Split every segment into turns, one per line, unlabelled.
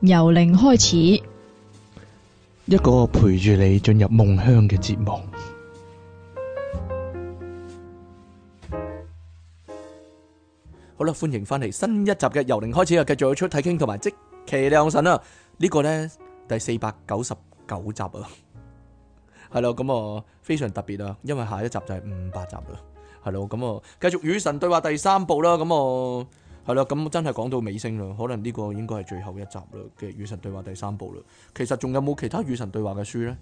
由零開始，
一個陪住你進入夢鄉嘅節目。好啦，歡迎翻嚟新一集嘅由零開始啊！繼續出體經同埋即其兩神啊！呢、這個呢，第四百九十九集啊，係 咯，咁啊非常特別啊，因為下一集就係五百集啦，係咯，咁啊繼續與神對話第三部啦，咁啊。係啦，咁真係講到尾聲啦，可能呢個應該係最後一集啦嘅《與神對話》第三部啦。其實仲有冇其他《與神對話》嘅書咧？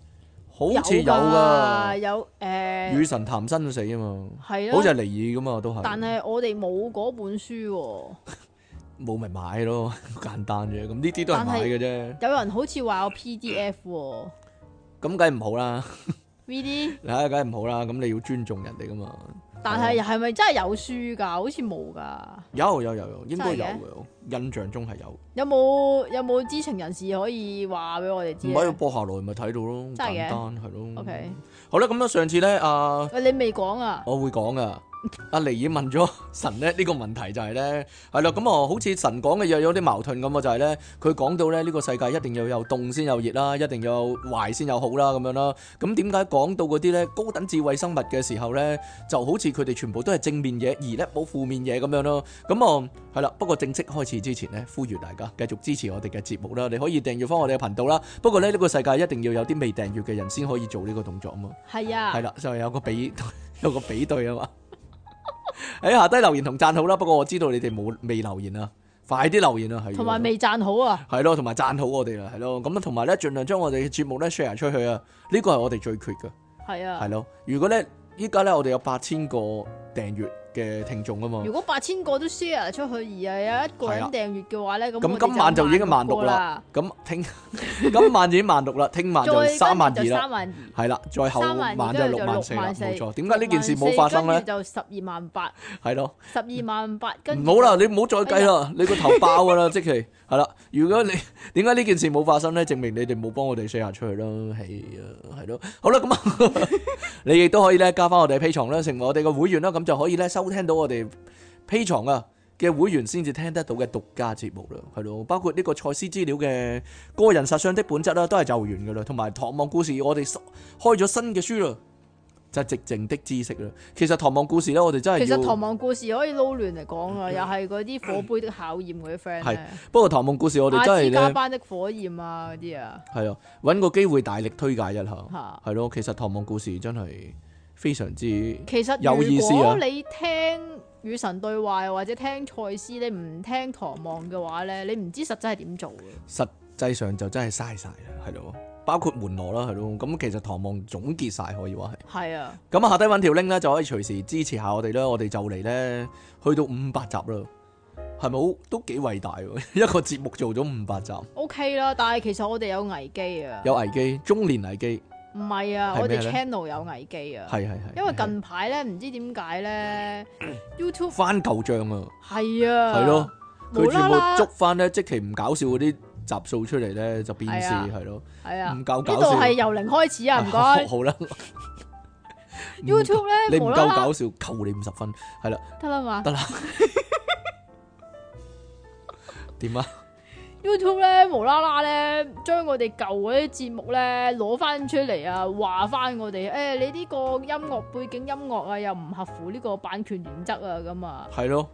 好似有噶，
有誒，呃《與
神談生死》啊嘛，的好似係尼爾噶嘛都係。但
係我哋冇嗰本書、哦，
冇咪 買咯，簡單嘅，咁呢啲都係買嘅啫。
有人好似話有 PDF，
咁梗係唔好啦。
V D，
梗係唔好啦。咁你要尊重人哋噶嘛？
但係係咪真係有書噶？好似冇噶。
有有有有，應該有嘅，的印象中係有，有，有。
有冇有冇知情人士可以話俾我哋知啊？唔係
播下來咪睇到咯，的簡單係咯。OK，好啦，咁樣，上次咧，啊、呃、
喂，你未講啊？
我會講噶。阿尼、啊、爾問咗神咧呢、呢個問題就係咧係啦咁啊，好似神講嘅嘢，有啲矛盾咁啊，就係咧佢講到咧呢、呢個世界一定要有凍先有熱啦、啊，一定要有壞先有好啦、啊、咁樣啦、啊。咁點解講到嗰啲咧高等智慧生物嘅時候咧，就好似佢哋全部都係正面嘢，而咧冇負面嘢咁樣咯、啊？咁啊係啦。不過正式開始之前咧，呼籲大家繼續支持我哋嘅節目啦。你可以訂閱翻我哋嘅頻道啦。不過咧呢、呢個世界一定要有啲未訂閱嘅人先可以做呢個動作啊嘛。係啊。係啦，就係有個比有個比對啊嘛。喺、 哎、下低留言同讚好啦，不過我知道你哋冇未留言啊，快啲留言啊，係同埋
未讚好啊，
係咯，同埋讚好我哋啦，係咯，咁同埋咧盡量將我哋嘅節目咧 share 出去啊，呢個係我哋最缺㗎，係啊，係咯，如果咧依家咧我哋有八千個訂閱。嘅聽眾啊嘛，如果
八千個都 share 出去，而係有一個人訂閱嘅話咧，咁今晚就已經萬六啦。
咁聽今晚已經萬六啦，聽晚就三萬二啦。係啦，再後晚就六萬四啦。冇錯，點解呢件事冇發生咧？就
十二萬八。
係咯，
十二萬八。唔好啦，你唔好再計啦，你個頭
爆噶啦即係。係啦，如果你點解呢件事冇發生咧？證明你哋冇幫我哋 share 出去咯，係啊，係咯。好啦，咁啊，你亦都可以咧加翻我哋 Patreon 啦，成為我哋個會員啦，咁就可以咧收，都聽到我哋 Patreon 嘅會員先至聽得到嘅獨家節目啦，係咯，包括呢個賽斯資料嘅個人實相的本質啦，都係就完噶啦。同埋《唐望故事》，我哋開咗新嘅書啦，就係寂靜的知識啦。其實《唐望故事》咧，我哋真係其實《唐
望故事》可以撈亂嚟講啊，又係嗰啲火杯的考驗嗰啲 friend 咧。係，
不過《唐望故事》我哋真係加班
的火焰啊，嗰啲啊，
係啊，揾個機會大力推介一下，係咯。其實《唐望故事》真係。非常之有意思。如果你
聽與神對話或者聽賽斯，你唔聽唐望嘅話咧，你唔知實際係點做嘅。
實際上就真係嘥晒啦，係咯，包括門羅啦，係咯。咁其實唐望總結晒可以話係。係啊的。咁下低揾條 link 咧，就可以隨時支持下我哋啦。我哋就嚟咧，去到五百集啦，係咪好都幾偉大喎？ 一個節目做咗五百集。
O K 啦，但係其實我哋有危機啊。有
危機，中年危機。
唔係啊，我哋 channel 有危機啊，因為近排咧唔知點解咧 YouTube
翻舊賬啊，
係啊，係咯，
佢全部捉翻咧即期唔搞笑嗰啲集數出嚟咧，就變事係咯，係啊，唔夠搞笑，呢度係
由零開始啊唔該，好
啦，YouTube 咧你唔夠搞笑扣你五十分，係啦，
得啦嘛，得啦，
點啊？
YouTube 咧，無啦啦咧，將我哋舊嗰啲節目咧攞翻出嚟啊，話翻我哋誒、欸，你呢個音樂背景音樂啊，又唔合乎呢個版權原則啊，咁啊，
係咯。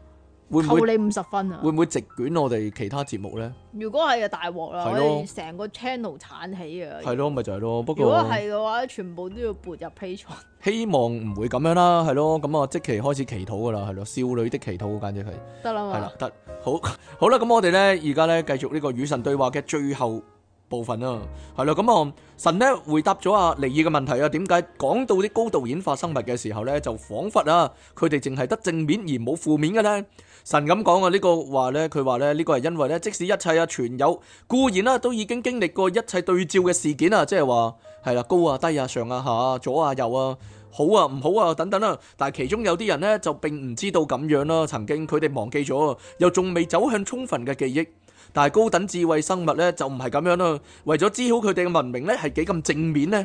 會唔會扣你五十分啊！會唔會席捲我哋其他節目咧？
如果係啊，大鑊啦，可以成個 channel 鏟起啊！係
咯，咪就係咯。如果係嘅
話，全部都要撥入 Patreon。
希望唔會咁樣啦，係咯。咁啊，即其開始祈禱噶啦，係咯。少女的祈禱簡直係得啦嘛，係啦，得好好啦。咁我哋咧，而家咧，繼續呢個與神對話嘅最後部分啦，係咯。咁啊，神咧回答咗阿尼爾嘅問題啊，點解講到啲高度演化生物嘅時候咧，就彷彿啊，佢哋淨係得正面而冇負面嘅咧？神咁講啊，呢個話咧，佢話咧，呢個係因為咧，即使一切啊全有，固然啦，都已經經歷過一切對照嘅事件啊，即係話係啦，高啊，低啊，上啊，下啊，左啊，右啊，好啊，唔好啊，等等啦。但係其中有啲人咧就並唔知道咁樣啦，曾經佢哋忘記咗，又仲未走向充分嘅記憶。但係高等智慧生物咧就唔係咁樣啦，為咗知好佢哋嘅文明咧係幾咁正面咧。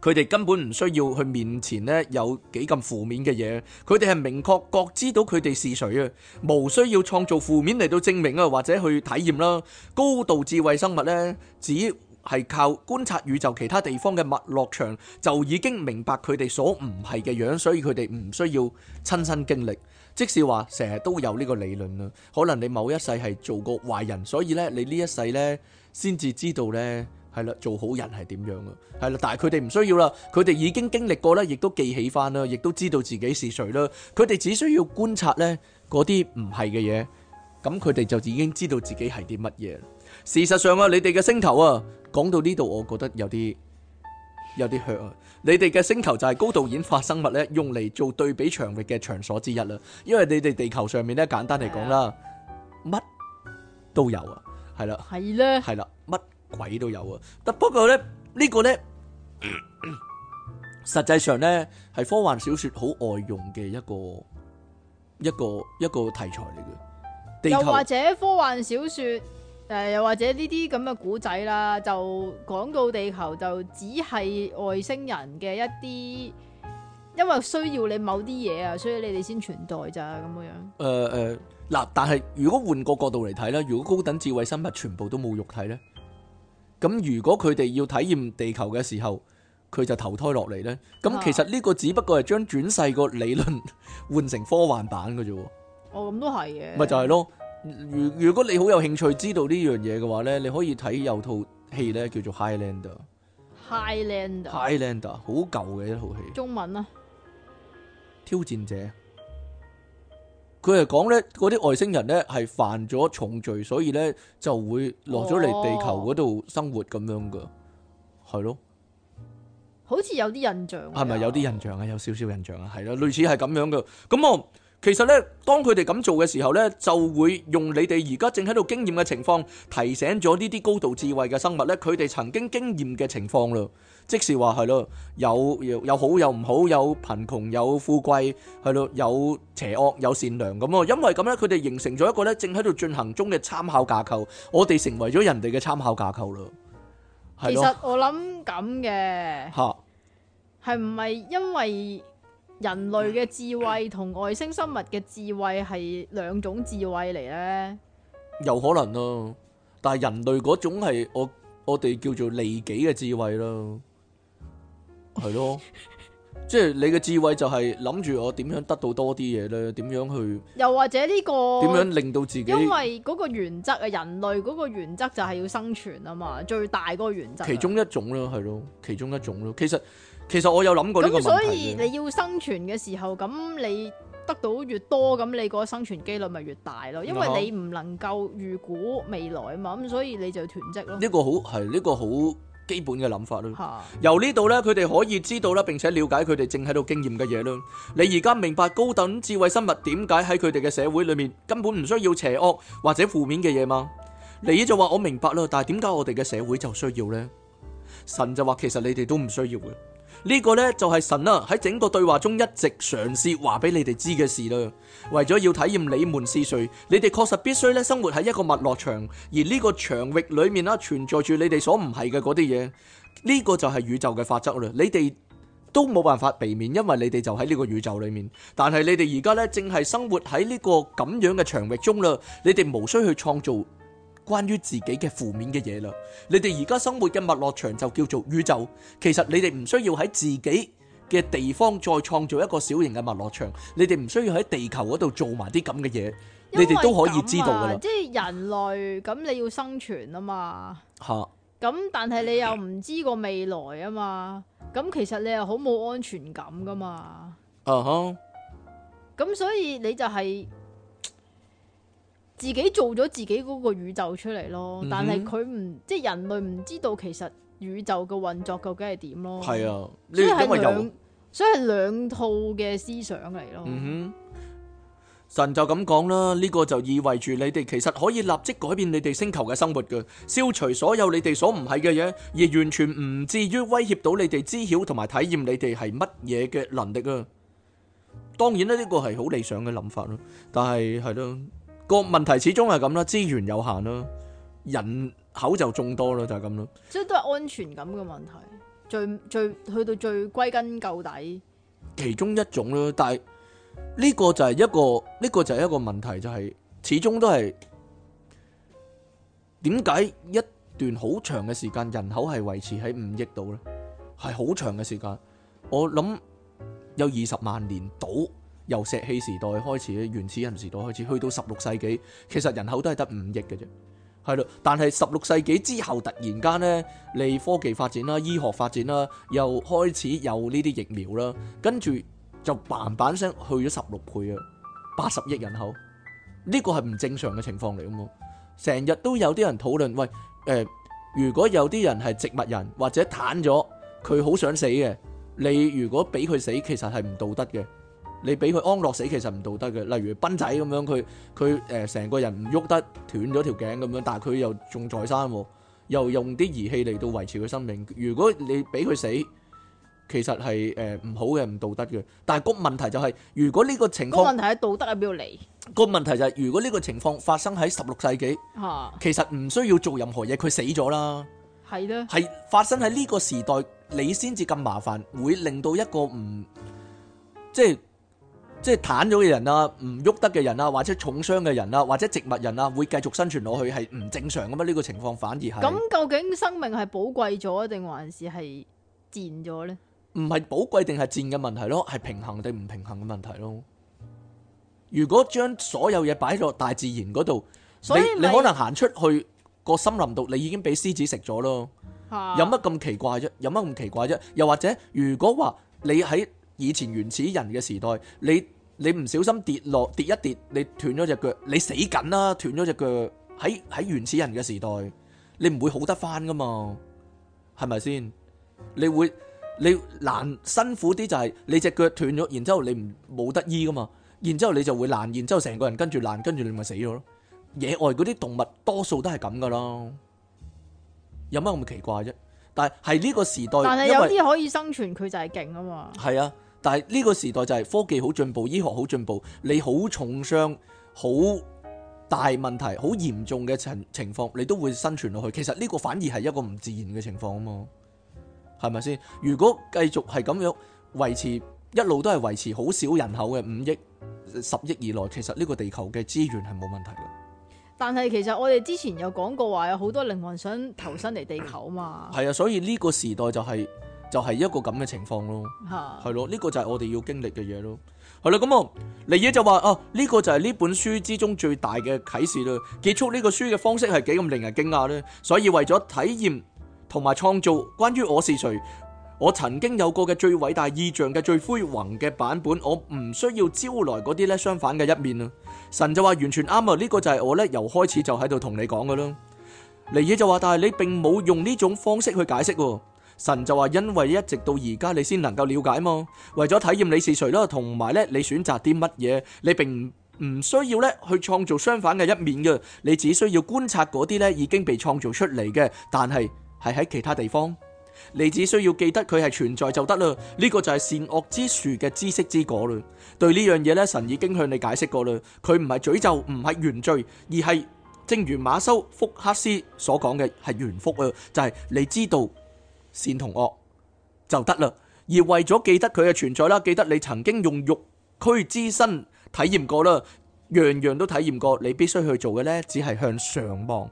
佢哋根本唔需要去面前呢有幾咁負面嘅嘢，佢哋係明確覺知到佢哋是誰啊，無需要創造負面嚟到證明啊，或者去體驗啦。高度智慧生物呢，只係靠觀察宇宙其他地方嘅脈絡場，就已經明白佢哋所唔係嘅樣，所以佢哋唔需要親身經歷，即使話成日都有呢個理論啊，可能你某一世係做過壞人，所以呢，你呢一世呢先至知道呢。係啦，做好人係點樣啊？係啦，但係佢哋唔需要啦，佢哋已經經歷過咧，亦都記起翻啦，亦都知道自己是誰啦。佢哋只需要觀察咧嗰啲唔係嘅嘢，咁佢哋就已經知道自己係啲乜嘢啦。事實上啊，你哋嘅星球啊，講到呢度，我覺得有啲有啲血啊。你哋嘅星球就係高度演化生物咧，用嚟做對比場域嘅場所之一啦。因為你哋地球上面咧，簡單嚟講啦，乜都有啊，係啦，係啦呢，係啦，乜。鬼都有啊，但不過咧呢、這個咧、嗯嗯，實際上咧係科幻小說好外用嘅一個一個一個題材嚟嘅。地球又或者
科幻小說誒、呃，又或者呢啲咁嘅古仔啦，就講到地球就只係外星人嘅一啲，因為需要你某啲嘢啊，所以你哋先存在咋咁樣樣。誒
誒、呃，嗱、呃，但係如果換個角度嚟睇咧，如果高等智慧生物全部都冇肉體咧？咁如果佢哋要體驗地球嘅時候，佢就投胎落嚟咧。咁其實呢個只不過係將轉世個理論 換成科幻版嘅啫
喎。哦，咁都係嘅。咪就係咯。
如果如果你好有興趣知道呢樣嘢嘅話咧，你可以睇有套戲咧叫做《Highlander》。
Highlander。
Highlander 好舊嘅一套戲。中文啊！挑戰者。佢係講咧，嗰啲外星人咧係犯咗重罪，所以咧就會落咗嚟地球嗰度生活咁樣噶，係咯、
哦，的好似有啲印象，係咪、啊、
有啲印象啊？有少少印象啊，係咯，類似係咁樣噶。咁、嗯、我其實咧，當佢哋咁做嘅時候咧，就會用你哋而家正喺度經驗嘅情況，提醒咗呢啲高度智慧嘅生物咧，佢哋曾經經驗嘅情況啦。即是話係咯，有有好有唔好，有貧窮有富貴，係咯，有邪惡有善良咁咯。因為咁咧，佢哋形成咗一個咧正喺度進行中嘅參考架構，我哋成為咗人哋嘅參考架構咯。其實
我諗咁嘅吓，係唔係因為人類嘅智慧同外星生物嘅智慧係兩種智慧嚟呢？
有可能咯，但係人類嗰種係我我哋叫做利己嘅智慧咯。係咯，即係、 就是，你嘅智慧就係諗住我點樣得到多啲嘢咧？點樣去？
又或者呢、呢個點樣
令到自己？因為
嗰個原則啊，人類嗰個原則就係要生存啊嘛，最大嗰個原則。其中
一種咯，係咯，其中一種咯。其實其實我有諗過呢個問題。咁所以你
要生存嘅時候，咁你得到越多，咁你個生存機率咪越大咯？因為你唔能夠預估未來啊嘛，咁、嗯、哼所以你就要囤積咯。呢
個好，係呢個好。基本嘅諗法咯，由呢度咧，佢哋可以知道啦，並且了解佢哋正喺度經驗嘅嘢咯。你而家明白高等智慧生物點解喺佢哋嘅社會裏面根本唔需要邪惡或者負面嘅嘢嗎？你就話我明白啦，但係點解我哋嘅社會就需要呢？神就話其實你哋都唔需要嘅。呢個呢，就係神啦，喺整個對話中一直嘗試話俾你哋知嘅事啦。為咗要體驗你們是誰，你哋確實必須咧生活喺一個脈絡場，而呢個場域裏面啦存在住你哋所唔係嘅嗰啲嘢。呢、呢個就係宇宙嘅法則啦。你哋都冇辦法避免，因為你哋就喺呢個宇宙裏面。但係你哋而家呢，正係生活喺呢個咁樣嘅場域中啦，你哋無需去創造。關於自己嘅負面嘅嘢啦，你哋而家生活嘅物樂場就叫做宇宙。其實你哋唔需要喺自己嘅地方再創造一個小型嘅物樂場，你哋唔需要喺地球嗰度做埋啲咁嘅嘢，啊、你哋都可以知道噶啦。即
係人類咁，你要生存啊嘛。吓哈，咁但係你又唔知個未來啊嘛，咁其實你又好冇安全感噶嘛。
啊哈，
咁所以你就係、是。自己做咗自己嗰個宇宙出嚟咯，但係佢唔，即係人類唔知道其實宇宙嘅運作究竟係點咯。係啊，所以係兩，因為有，所以係兩套嘅思想嚟咯。
神就咁講啦，呢個就意味住你哋其實可以立即改變你哋星球嘅生活嘅，消除所有你哋所唔係嘅嘢，而完全唔至於威脅到你哋知曉同埋體驗你哋係乜嘢嘅能力啊。當然啦，呢個係好理想嘅諗法咯，但係係咯。個問題始終係咁啦，資源有限啦，人口就眾多啦，就係咁啦。
即係都係安全感嘅問題，最最去到最歸根究底，
其中一種咯。但係呢個就係一個呢個就係一個問題，就係始終都係點解一段好長嘅時間，人口係維持喺五億度呢？係好長嘅時間，我諗有二十萬年度。由石器時代開始，原始人時代開始，去到十六世紀，其實人口都係得五億嘅啫，係咯。但係十六世紀之後，突然間呢，你科技發展啦，醫學發展啦，又開始有呢啲疫苗啦，跟住就砰砰聲去咗十六倍啊，八十億人口呢個係唔正常嘅情況嚟嘅嘛。成日都有啲人討論，喂，誒，如果有啲人係植物人或者癱咗，佢好想死嘅，你如果俾佢死，其實係唔道德嘅。你俾佢安樂死其實唔道德嘅，例如斌仔咁樣，佢佢誒成個人唔喐得，斷咗條頸咁樣，但係佢又仲在生，又用啲儀器嚟到維持佢生命。如果你俾佢死，其實係誒唔好嘅，唔道德嘅。但係個問題就係，如果呢個情況個問題喺道德喺邊度嚟？個問題就係，如果呢個情況發生喺十六世紀，吓，其實唔需要做任何嘢，佢死咗啦。
係咯，係
發生喺呢個時代，你先至咁麻煩，會令到一個唔即係。即係癱咗嘅人啊，唔喐得嘅人啊，或者重傷嘅人啊，或者植物人啊，會繼續生存落去係唔正常噶咩？呢個情況反而係。咁
究竟生命係寶貴咗定還是係賤咗呢？
唔係寶貴定係賤嘅問題咯，係平衡定唔平衡嘅問題咯。如果將所有嘢擺喺大自然嗰度，所你你可能行出去個森林度，你已經俾獅子食咗咯。哈有乜咁奇怪啫？有乜咁奇怪啫？又或者如果話你喺？以前原始人嘅時代，你你唔小心跌落跌一跌，你斷咗隻腳，你死緊啦！斷咗隻腳喺喺原始人嘅時代，你唔會好得返噶嘛？係咪先？你會你難辛苦啲就係、是、你隻腳斷咗，然之後你唔冇得醫噶嘛？然之後你就會難，然之後成個人跟住難，跟住你咪死咗咯。野外嗰啲動物多數都係咁噶咯，有乜咁奇怪啫？但係係呢個時代，但係有啲為
可以生存，佢就係勁啊嘛。
係啊。但係呢個時代就係科技好進步，醫學好進步，你好重傷、好大問題、好嚴重嘅情情況，你都會生存落去。其實呢個反而係一個唔自然嘅情況啊嘛，係咪先？如果繼續係咁樣維持，一路都係維持好少人口嘅五億、十億以內，其實呢個地球嘅資源係冇問題嘅。
但係其實我哋之前有講過話，有好多靈魂想投生嚟地球啊嘛。
係 啊，所以呢個時代就係。就係一個咁嘅情況咯，係咯，呢 個就係我哋要經歷嘅嘢咯。係啦，咁啊，尼爾就話啊，呢個就係呢本書之中最大嘅啟示啦。結束呢個書嘅方式係幾咁令人驚訝呢？所以為咗體驗同埋創造，關於我是誰，我曾經有過嘅最偉大意象嘅最輝煌嘅版本，我唔需要招來嗰啲咧相反嘅一面啊。神就話，完全啱啊，呢個就係我咧由開始就喺度同你講㗎啦。尼爾就話，但係你並冇用呢種方式去解釋啊。神就話，因為一直到而家，你先能夠了解嘛。為咗體驗你是誰啦，同埋咧，你選擇啲乜嘢，你並唔需要咧去創造相反嘅一面嘅。你只需要觀察嗰啲咧已經被創造出嚟嘅，但係係喺其他地方。你只需要記得佢係存在就得啦。呢個就係善惡之樹嘅知識之果啦。對呢樣嘢咧，神已經向你解釋過啦。佢唔係詛咒，唔係原罪，而係正如馬修福克斯所講嘅，係原福啊，就係你知道。善同惡就得啦，而為咗記得佢嘅存在啦，記得你曾經用肉軀之身體驗過啦，樣樣都體驗過，你必須去做嘅呢，只係向上望。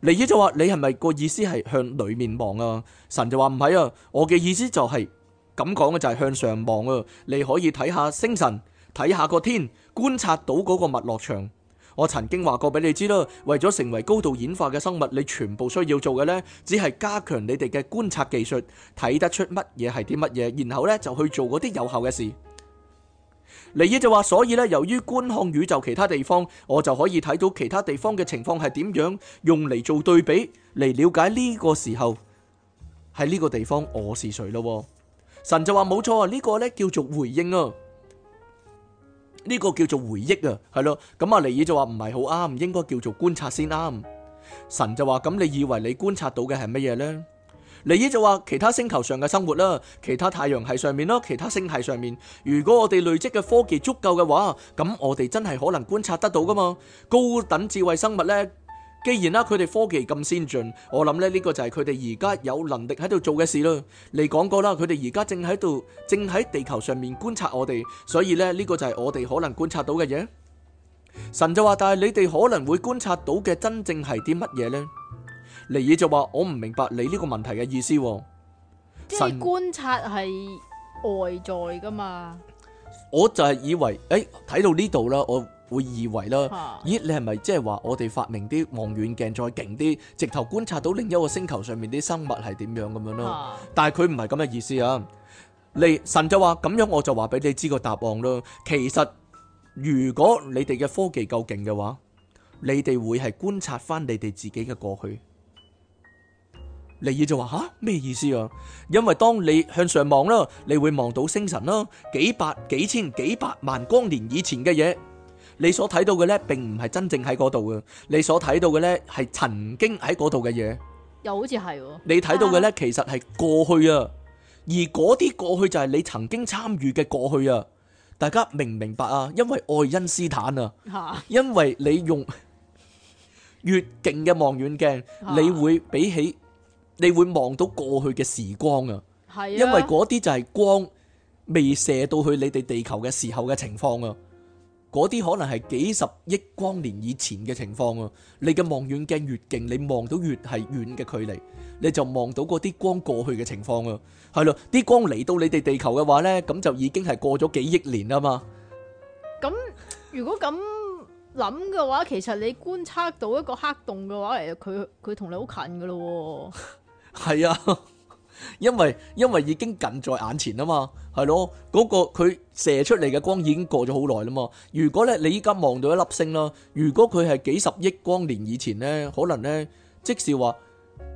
尼爾就話：你係咪個意思係向裏面望啊？神就話唔係啊，我嘅意思就係咁講嘅，就係向上望啊。你可以睇下星辰，睇下個天，觀察到嗰個物落場。我曾經話過俾你知啦，為咗成為高度演化嘅生物，你全部需要做嘅呢，只係加強你哋嘅觀察技術，睇得出乜嘢係啲乜嘢，然後呢，就去做嗰啲有效嘅事。尼爾就話，所以呢，由於觀看宇宙其他地方，我就可以睇到其他地方嘅情況係點樣，用嚟做對比嚟了解呢個時候喺呢個地方我是誰咯。神就話冇錯，呢個呢，叫做回應啊。呢個叫做回憶啊，係咯，咁啊，尼爾就話唔係好啱，應該叫做觀察先啱。神就話咁，你以為你觀察到嘅係乜嘢呢？尼爾就話其他星球上嘅生活啦，其他太陽系上面咯，其他星系上面，如果我哋累積嘅科技足夠嘅話，咁我哋真係可能觀察得到噶嘛？高等智慧生物呢。既然啦，佢哋科技咁先進，我諗咧，呢個就係佢哋而家有能力喺度做嘅事咯。你講過啦，佢哋而家正喺度，正喺地球上面觀察我哋，所以咧，呢個就係我哋可能觀察到嘅嘢。神就話，但係你哋可能會觀察到嘅真正係啲乜嘢呢？尼爾就話，我唔明白你呢個問題嘅意思。即係觀
察係外在噶嘛，
我就係以為，誒，睇到呢度啦，我。會以為啦，啊、咦？你係咪即係話我哋發明啲望遠鏡再勁啲，直頭觀察到另一個星球上面啲生物係點樣咁、啊、樣咯？但係佢唔係咁嘅意思啊。你神就話咁樣，我就話俾你知個答案咯。其實如果你哋嘅科技夠勁嘅話，你哋會係觀察翻你哋自己嘅過去。利爾就話吓，咩意思啊？因為當你向上望啦，你會望到星辰啦，幾百幾千幾百萬光年以前嘅嘢。你所睇到嘅呢並唔係真正喺嗰度嘅，你所睇到嘅呢係曾經喺嗰度嘅嘢，
又好似係喎。你睇到嘅呢
其實係過去啊，而嗰啲過去就係你曾經參與嘅過去啊。大家明唔明白啊？因為愛因斯坦啊，因為你用越勁嘅望遠鏡，你會比起你會望到過去嘅時光啊。係啊，因為嗰啲就係光未射到去你哋地球嘅時候嘅情況啊。嗰啲可能係幾十億光年以前嘅情況啊！你嘅望遠鏡越勁，你望到越係遠嘅距離，你就望到嗰啲光過去嘅情況啊！係咯，啲光嚟到你哋地球嘅話呢，咁就已經係過咗幾億年吖嘛。
咁如果咁諗嘅話，其實你觀測到一個黑洞嘅話，其實佢佢同你好近噶咯。
係啊。因為因為已經近在眼前啊嘛，係咯，嗰個佢射出嚟嘅光已經過咗好耐啦嘛。如果咧你依家望到一粒星啦，如果佢係幾十億光年以前咧，可能咧，即是話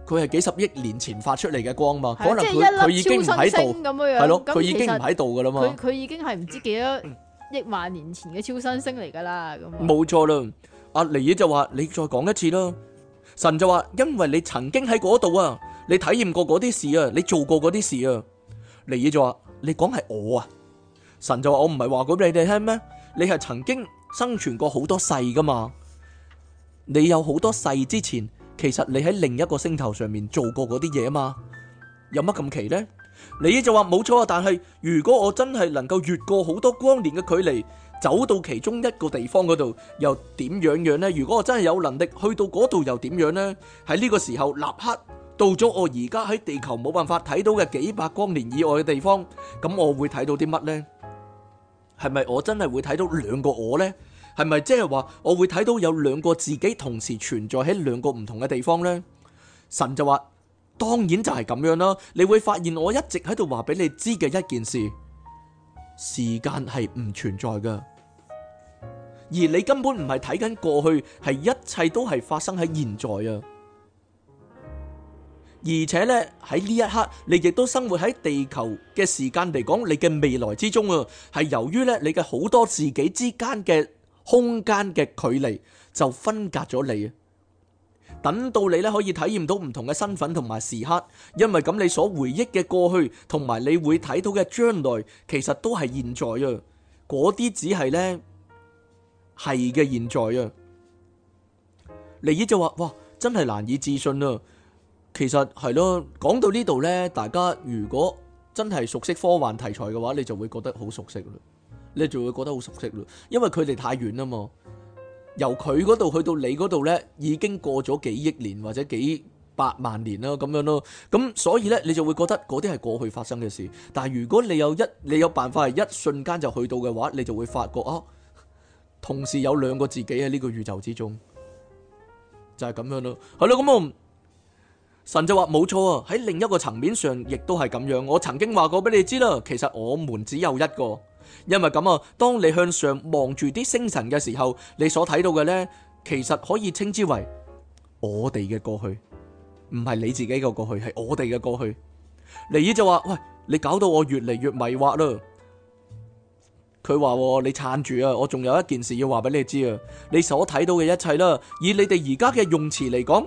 佢係幾十億年前發出嚟嘅光嘛，啊、可能佢佢已經唔喺度，係樣咯，佢但已經唔喺度噶啦嘛。佢佢
已經係唔知幾多億萬年前嘅超新星嚟噶啦，咁。
冇錯啦，阿尼爾就話你再講一次啦，神就話，因為你曾經喺嗰度啊。你體驗過嗰啲事啊，你做過嗰啲事啊，尼爾就話你講係我啊，神就話我唔係話畀你哋聽咩？你係曾經生存過好多世噶嘛？你有好多世之前，其實你喺另一個星球上面做過嗰啲嘢啊嘛？有乜咁奇呢？尼爾就話冇錯啊，但係如果我真係能夠越過好多光年嘅距離走到其中一個地方嗰度，又點樣樣呢？如果我真係有能力去到嗰度，又點樣呢？喺呢個時候，立刻。到咗我而家喺地球冇辦法睇到嘅幾百光年以外嘅地方，咁我會睇到啲乜呢？係咪我真係會睇到兩個我呢？係咪即係話我會睇到有兩個自己同時存在喺兩個唔同嘅地方呢？神就話：當然就係咁樣啦，啊！你會發現我一直喺度話俾你知嘅一件事，時間係唔存在噶，而你根本唔係睇緊過去，係一切都係發生喺現在啊！而且咧喺呢一刻，你亦都生活喺地球嘅時間嚟講，你嘅未來之中啊，係由於咧你嘅好多自己之間嘅空間嘅距離就分隔咗你啊。等到你咧可以體驗到唔同嘅身份同埋時刻，因為咁你所回憶嘅過去同埋你會睇到嘅將來，其實都係現在啊。嗰啲只係咧係嘅現在啊。尼爾就話：哇，真係難以置信啊！其實係咯，講到呢度呢，大家如果真係熟悉科幻題材嘅話，你就會覺得好熟悉咯，你就會覺得好熟悉咯，因為距離太遠啦嘛。由佢嗰度去到你嗰度呢，已經過咗幾億年或者幾百萬年啦，咁樣咯。咁所以呢，你就會覺得嗰啲係過去發生嘅事。但係如果你有一你有辦法係一瞬間就去到嘅話，你就會發覺啊，同時有兩個自己喺呢個宇宙之中，就係、是、咁樣咯。係咯，咁我。神就話冇錯啊，喺另一個層面上亦都係咁樣。我曾經話過俾你知啦，其實我們只有一個。因為咁啊，當你向上望住啲星辰嘅時候，你所睇到嘅呢，其實可以稱之為我哋嘅過去，唔係你自己嘅過去，係我哋嘅過去。尼爾就話：，喂，你搞到我越嚟越迷惑啦。佢話、哦：，你撐住啊，我仲有一件事要話俾你知啊。你所睇到嘅一切啦，以你哋而家嘅用詞嚟講，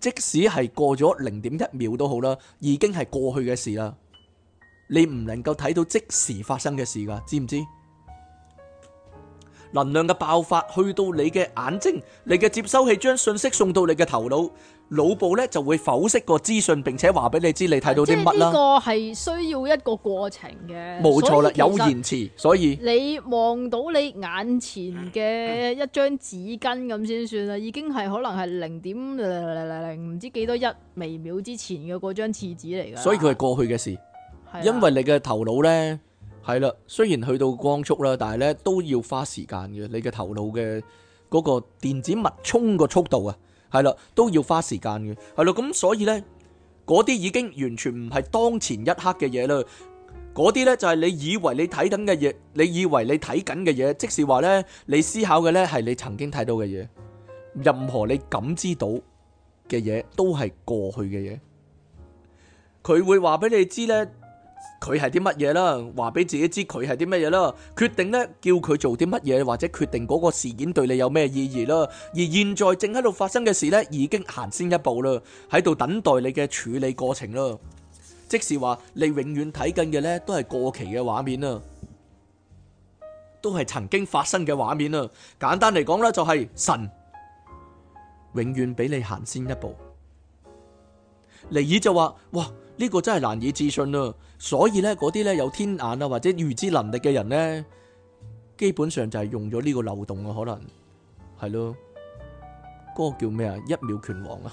即使係過咗零點一秒都好啦，已經係過去嘅事啦。你唔能夠睇到即時發生嘅事㗎，知唔知？能量嘅爆發去到你嘅眼睛，你嘅接收器將信息送到你嘅頭腦。腦部咧就會否釋個資訊，並且話俾你知你睇到啲乜啦。即係呢個
係需要一個過程嘅，冇錯啦，有延
遲，所以
你望到你眼前嘅一張紙巾咁先算啦，已經係可能係零點零零零零唔知幾多一微秒之前嘅嗰張廁紙嚟㗎。所以佢係過去嘅事，因為
你嘅頭腦咧係啦，雖然去到光速啦，但係咧都要花時間嘅。你嘅頭腦嘅嗰個電子脈衝個速度啊！係啦，都要花時間嘅，係咯咁，所以呢，嗰啲已經完全唔係當前一刻嘅嘢啦。嗰啲呢，就係、是、你以為你睇緊嘅嘢，你以為你睇緊嘅嘢，即是話呢，你思考嘅呢係你曾經睇到嘅嘢，任何你感知到嘅嘢都係過去嘅嘢。佢會話俾你知呢。佢係啲乜嘢啦？話俾自己知佢係啲乜嘢啦？決定咧叫佢做啲乜嘢，或者決定嗰個事件對你有咩意義啦？而現在正喺度發生嘅事咧，已經行先一步啦，喺度等待你嘅處理過程啦。即係話你永遠睇緊嘅咧，都係過期嘅畫面啦，都係曾經發生嘅畫面啦。簡單嚟講啦，就係神永遠俾你行先一步。尼爾就話：哇！呢個真係難以置信啊！所以咧，嗰啲咧有天眼啊或者預知能力嘅人咧，基本上就係用咗呢個漏洞啊！可能係咯，嗰、嗰個叫咩啊？一秒拳王啊！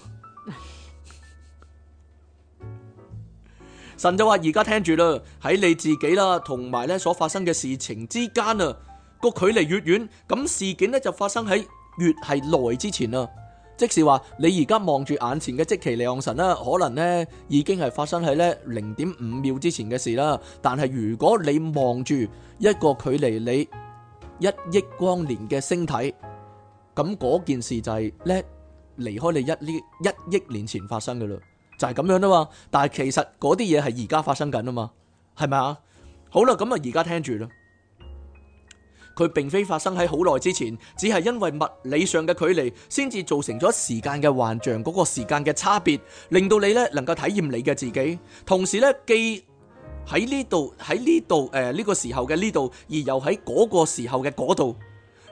神就話：而家聽住啦，喺你自己啦，同埋咧所發生嘅事情之間啊，個距離越遠，咁事件咧就發生喺越係耐之前啊！即是話，你而家望住眼前嘅即期亮神啦，可能咧已經係發生喺咧零點五秒之前嘅事啦。但係如果你望住一個距離你一億光年嘅星體，咁嗰件事就係咧離開你一呢一億年前發生嘅啦，就係、是、咁樣啦嘛。但係其實嗰啲嘢係而家發生緊啊嘛，係咪啊？好啦，咁啊而家聽住啦。佢並非發生喺好耐之前，只係因為物理上嘅距離，先至造成咗時間嘅幻象，嗰個時間嘅差別，令到你咧能夠體驗你嘅自己，同時呢既喺呢度喺呢度誒呢個時候嘅呢度，而又喺嗰個時候嘅嗰度。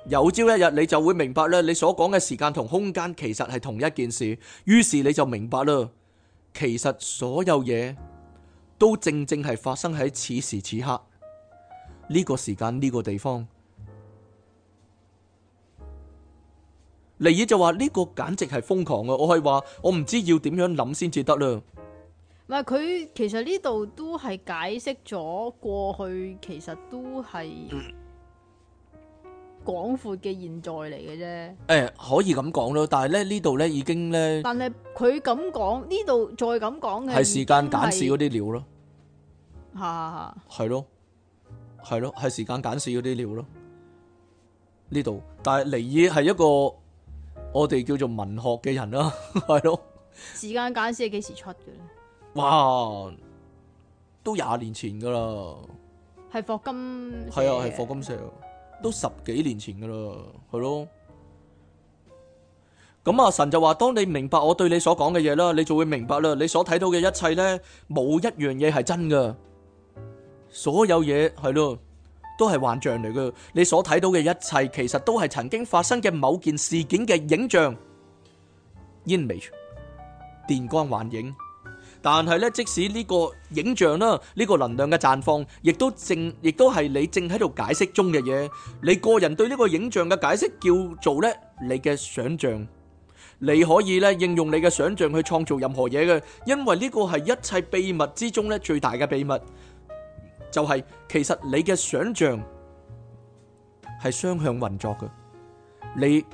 有朝一日你就會明白咧，你所講嘅時間同空間其實係同一件事，於是你就明白啦。其實所有嘢都正正係發生喺此時此刻呢個時間呢個地方。尼爾就話呢個簡直係瘋狂啊！我係話我唔知要點樣諗先至得啦。
唔係，佢其實呢度都係解釋咗過去，其實都係廣闊嘅現在嚟嘅
啫。誒，可以咁講咯，但係咧呢度咧已經咧，但
係佢咁講呢度再咁講嘅係時間簡史嗰啲料咯。係係係，
係咯係咯，係時間簡史嗰啲料咯。呢度，但係尼爾係一個。我哋叫做文學嘅人啦，係咯。
時間簡史係幾時出嘅咧？
哇，都廿年前噶啦。
係霍金。係啊，係霍
金寫，都十幾年前噶啦，係咯。咁啊，神就話：當你明白我對你所講嘅嘢啦，你就會明白啦。你所睇到嘅一切咧，冇一樣嘢係真噶，所有嘢係咯。都係幻象嚟噶，你所睇到嘅一切，其實都係曾經發生嘅某件事件嘅影像，image 電光幻影。但係咧，即使呢個影像啦，呢個能量嘅綻放，亦都正，亦都係你正喺度解釋中嘅嘢。你個人對呢個影像嘅解釋叫做咧，你嘅想象你可以咧應用你嘅想象去創造任何嘢嘅，因為呢個係一切秘密之中咧最大嘅秘密。就係其實你嘅想象係雙向運作嘅，你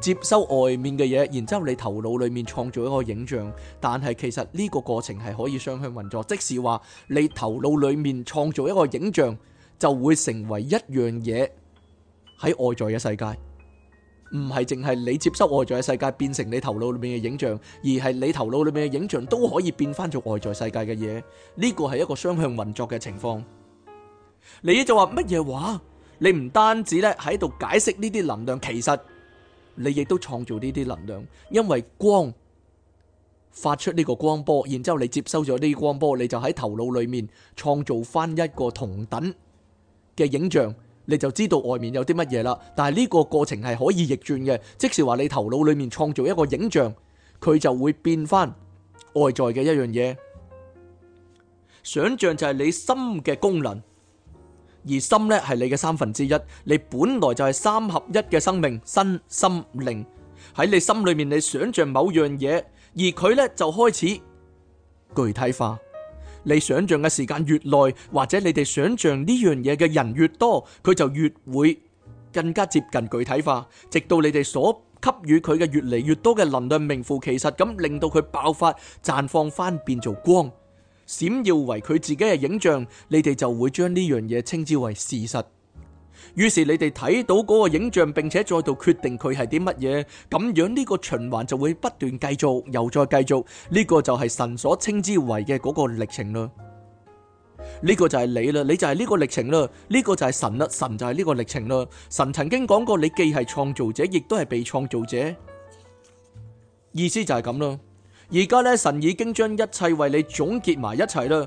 接收外面嘅嘢，然之後你頭腦裏面創造一個影像，但係其實呢個過程係可以雙向運作，即係話你頭腦裏面創造一個影像，就會成為一樣嘢喺外在嘅世界。唔係淨係你接收外在嘅世界變成你頭腦裏面嘅影像，而係你頭腦裏面嘅影像都可以變翻做外在世界嘅嘢。呢個係一個雙向運作嘅情況。你就話乜嘢話？你唔單止咧喺度解釋呢啲能量，其實你亦都創造呢啲能量，因為光發出呢個光波，然之後你接收咗呢啲光波，你就喺頭腦裏面創造翻一個同等嘅影像。你就知道外面有啲乜嘢啦，但係呢個過程係可以逆轉嘅，即使話你頭腦裡面創造一個影像，佢就會變翻外在嘅一樣嘢。想象就係你心嘅功能，而心呢係你嘅三分之一，你本來就係三合一嘅生命，身、心、靈喺你心裡面，你想象某樣嘢，而佢呢就開始具體化。你想象嘅時間越耐，或者你哋想象呢樣嘢嘅人越多，佢就越會更加接近具體化，直到你哋所給予佢嘅越嚟越多嘅能量名副其實，咁令到佢爆發、綻放返，變做光，閃耀為佢自己嘅影像，你哋就會將呢樣嘢稱之為事實。於是你哋睇到嗰個影像，並且再度決定佢係啲乜嘢，咁樣呢個循環就會不斷繼續，又再繼續。呢個就係神所稱之為嘅嗰個歷程啦。呢個就係你啦，你就係呢個歷程啦。呢個就係神啦，神就係呢個歷程啦。神曾經講過，你既係創造者，亦都係被創造者。意思就係咁啦。而家咧，神已經將一切為你總結埋一齊啦。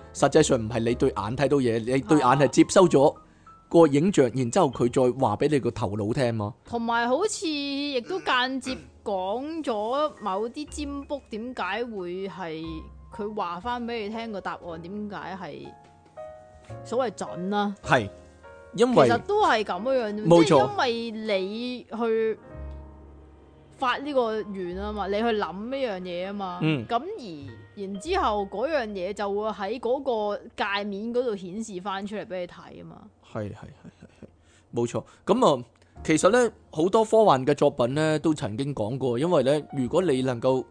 實際上唔係你對眼睇到嘢，你對眼係接收咗個影像，然之後佢再話俾你個頭腦聽嘛。
同埋好似亦都間接講咗某啲占卜，點解會係佢話翻俾你聽個答案點解係所謂準啦。
係，因為其實都
係咁樣樣，冇錯，因為你去發呢個願啊嘛，你去諗呢樣嘢啊嘛，咁而。然之後嗰樣嘢就會喺嗰個界面嗰度顯示翻出嚟俾你睇啊嘛，
係係係係係，冇錯。咁、嗯、啊，其實呢，好多科幻嘅作品呢都曾經講過，因為呢，如果你能夠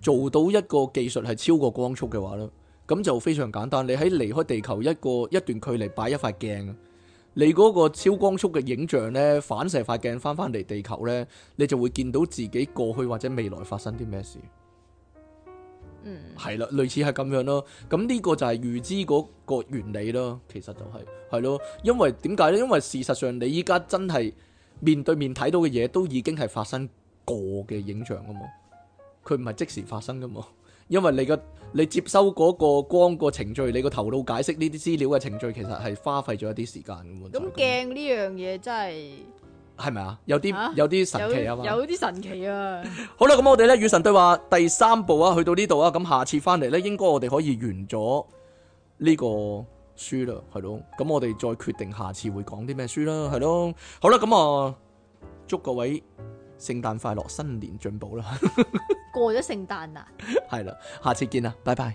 做到一個技術係超過光速嘅話呢，咁就非常簡單。你喺離開地球一個一段距離擺一塊鏡，你嗰個超光速嘅影像呢，反射一塊鏡翻翻嚟地球呢，你就會見到自己過去或者未來發生啲咩事。係啦、嗯，類似係咁樣咯。咁呢個就係預知嗰個原理咯。其實就係係咯，因為點解呢？因為事實上你依家真係面對面睇到嘅嘢，都已經係發生過嘅影像噶嘛。佢唔係即時發生噶嘛，因為你個你接收嗰個光個程序，你個頭腦解釋呢啲資料嘅程序，其實係花費咗一啲時間咁。咁
驚呢樣嘢真係。
係咪啊？有啲蛤有啲神奇啊嘛！有
啲神奇啊！
好啦，咁我哋咧與神對話第三部啊，去到呢度啊，咁下次翻嚟咧，應該我哋可以完咗呢個書啦，係咯。咁我哋再決定下次會講啲咩書啦，係咯。嗯、好啦，咁啊，祝各位聖誕快樂，新年進步啦！
過咗聖誕啦，
係啦，下次見啦，拜拜。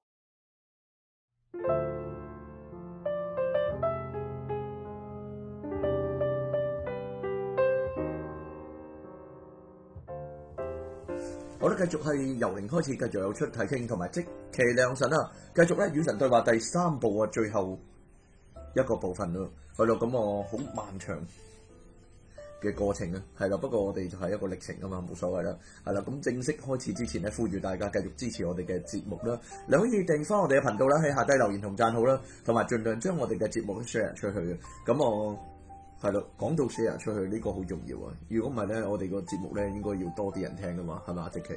我哋繼續係由零開始，繼續有出題傾，同埋即期良神啊！繼續咧與神對話第三部啊，最後一個部分咯，係啦，咁、嗯、我好漫長嘅過程啊，係啦，不過我哋就係一個歷程啊嘛，冇所謂啦，係啦，咁正式開始之前咧，呼籲大家繼續支持我哋嘅節目啦，你可以訂翻我哋嘅頻道啦，喺下低留言同讚好啦，同埋儘量將我哋嘅節目都 share 出去嘅，咁、嗯、我。係咯，講到 share 出去呢、這個好重要啊！如果唔係咧，我哋個節目咧應該要多啲人聽噶嘛，係阿直琪，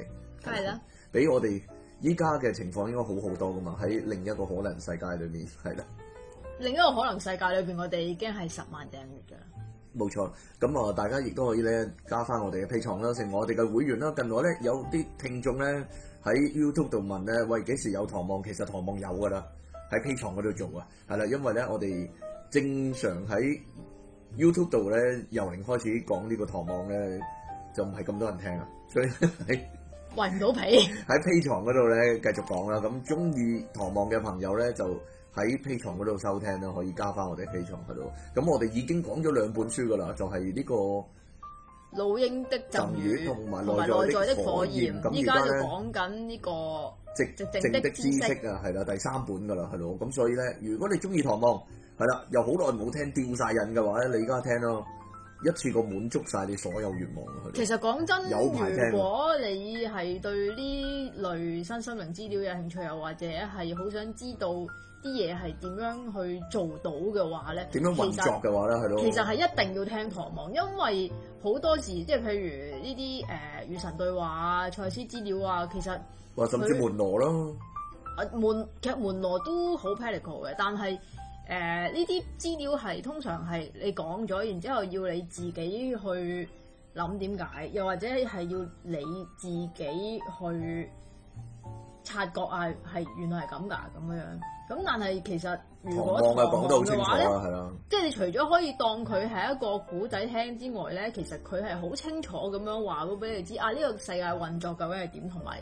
係啦了，
比我哋依家嘅情況應該好好多噶嘛！喺另一個可能世界裏面，係啦，
另一個可能世界裏邊，我哋已經係十萬訂戶噶啦。
冇錯，咁啊，大家亦都可以咧加翻我哋嘅 P 牀啦，成我哋嘅會員啦。近來咧有啲聽眾咧喺 YouTube 度問咧，喂，幾時有堂望？其實堂望有噶啦，喺 P 牀嗰度做啊，係啦，因為咧我哋正常喺。YouTube 度咧，由零開始講呢個唐望咧，就唔係咁多人聽啊，所以你
圍唔到皮，
喺 Patreon 嗰度咧繼續講啦。咁中意唐望嘅朋友咧，就喺 Patreon 嗰度收聽啦，可以加翻我哋 Patreon 嗰度。咁我哋已經講咗兩本書噶啦，就係、是、呢、這個
老鷹的贈與同埋內在的火焰。咁依家要講緊呢個寂靜的知識啊，
係啦，第三本噶啦，係咯。咁所以咧，如果你中意唐望。係啦，又好耐冇聽，掂晒癮嘅話咧，你而家聽咯，一次過滿足晒你所有願望。其實
講真，有排聽。如果你係對呢類新新聞資料有興趣，又或者係好想知道啲嘢係點樣去做到嘅話咧，點樣運作嘅話咧，其實係咯，一定要聽《唐望》，因為好多時即係譬如呢啲誒與神對話啊、賽斯資料啊，其實或甚至門羅咯。啊、呃、門，其實門羅都好 pinnacle 嘅，但係。誒呢啲資料係通常係你講咗，然之後要你自己去諗點解，又或者係要你自己去察覺啊。係原來係咁噶咁樣樣。咁但係其實如果當佢講到嘅話咧，係啦、啊，啊、即係你除咗可以當佢係一個古仔聽之外咧，其實佢係好清楚咁樣話到俾你知啊。呢、這個世界運作究竟係點，同埋